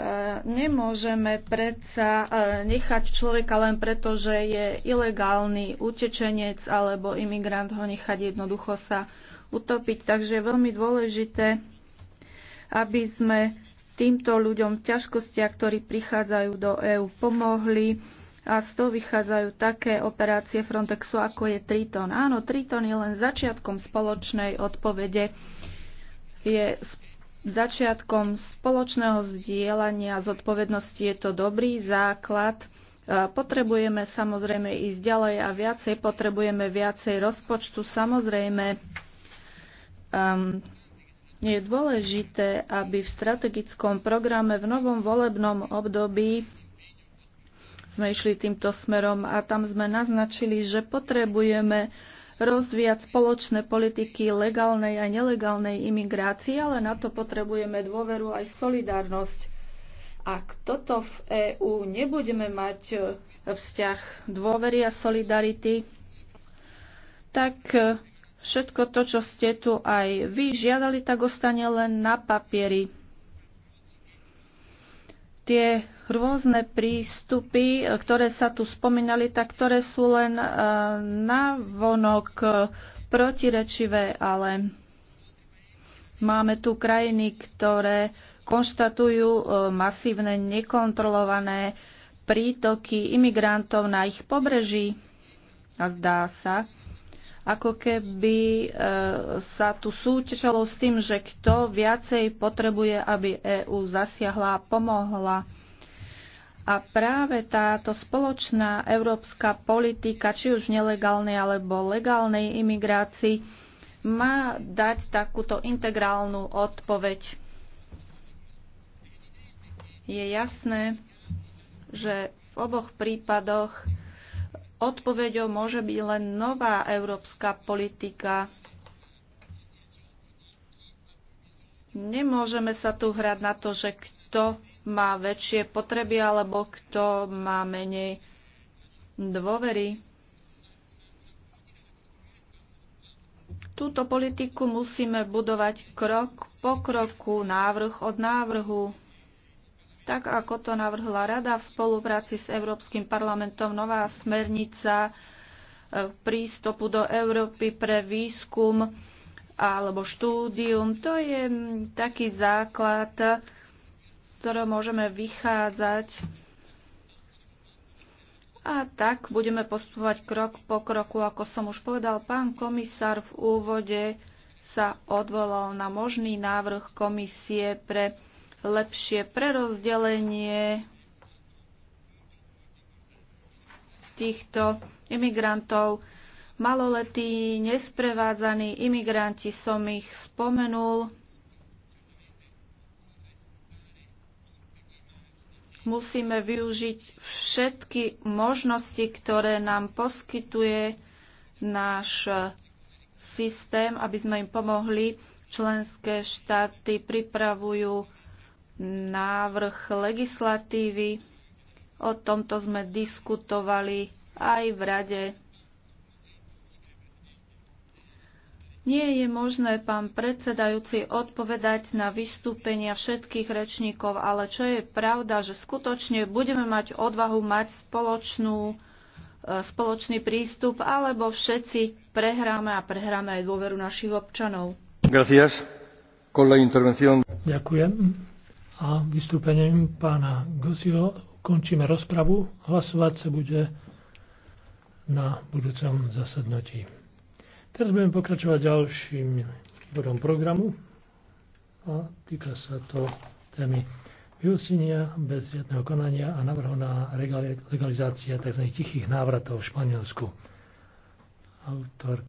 nemôžeme predsa e, nechať človeka len preto, že je ilegálny utečenec alebo imigrant, ho nechať jednoducho sa utopiť. Takže je veľmi dôležité, aby sme týmto ľuďom v ťažkostiach, ktorí prichádzajú do EÚ, pomohli a z toho vychádzajú také operácie Frontexu, ako je Triton. Áno, Triton je len začiatkom spoločnej odpovede. Je začiatkom spoločného zdieľania zodpovednosti je to dobrý základ. E, potrebujeme samozrejme ísť ďalej a viacej, potrebujeme viacej rozpočtu. Samozrejme, um, je dôležité, aby v strategickom programe v novom volebnom období sme išli týmto smerom a tam sme naznačili, že potrebujeme rozvíjať spoločné politiky legálnej a nelegálnej imigrácie, ale na to potrebujeme dôveru aj solidárnosť. Ak toto v EÚ nebudeme mať e, vzťah dôvery a solidarity, tak e, všetko to, čo ste tu aj vy žiadali, tak ostane len na papieri. Tie rôzne prístupy, ktoré sa tu spomínali, tak ktoré sú len e, vonok e, protirečivé, ale máme tu krajiny, ktoré konštatujú e, masívne nekontrolované prítoky imigrantov na ich pobreží. A zdá sa, ako keby e, sa tu súťažalo s tým, že kto viacej potrebuje, aby EÚ zasiahla a pomohla. A práve táto spoločná európska politika, či už nelegálnej alebo legálnej imigrácii, má dať takúto integrálnu odpoveď. Je jasné, že v oboch prípadoch Odpoveďou môže byť len nová európska politika. Nemôžeme sa tu hrať na to, že kto má väčšie potreby alebo kto má menej dôvery. Túto politiku musíme budovať krok po kroku, návrh od návrhu. Tak ako to navrhla Rada v spolupráci s Európskym parlamentom, nová smernica e, prístupu do Európy pre výskum alebo štúdium, to je taký základ, ktorého môžeme vychádzať a tak budeme postupovať krok po kroku. Ako som už povedal, pán komisár v úvode sa odvolal na možný návrh komisie pre lepšie prerozdelenie týchto imigrantov. Maloletí, nesprevádzaní imigranti, som ich spomenul. Musíme využiť všetky možnosti, ktoré nám poskytuje náš systém, aby sme im pomohli. Členské štáty pripravujú návrh legislatívy. O tomto sme diskutovali aj v rade. Nie je možné, pán predsedajúci, odpovedať na vystúpenia všetkých rečníkov, ale čo je pravda, že skutočne budeme mať odvahu mať spoločnú, e, spoločný prístup, alebo všetci prehráme a prehráme aj dôveru našich občanov. Gracias. Con la intervención. Ďakujem a vystúpením pána Gosio končíme rozpravu. Hlasovať sa bude na budúcom zasadnutí. Teraz budeme pokračovať ďalším bodom programu a týka sa to témy vyústenia bez riadneho konania a navrhovaná legalizácia tzv. tichých návratov v Španielsku. Autor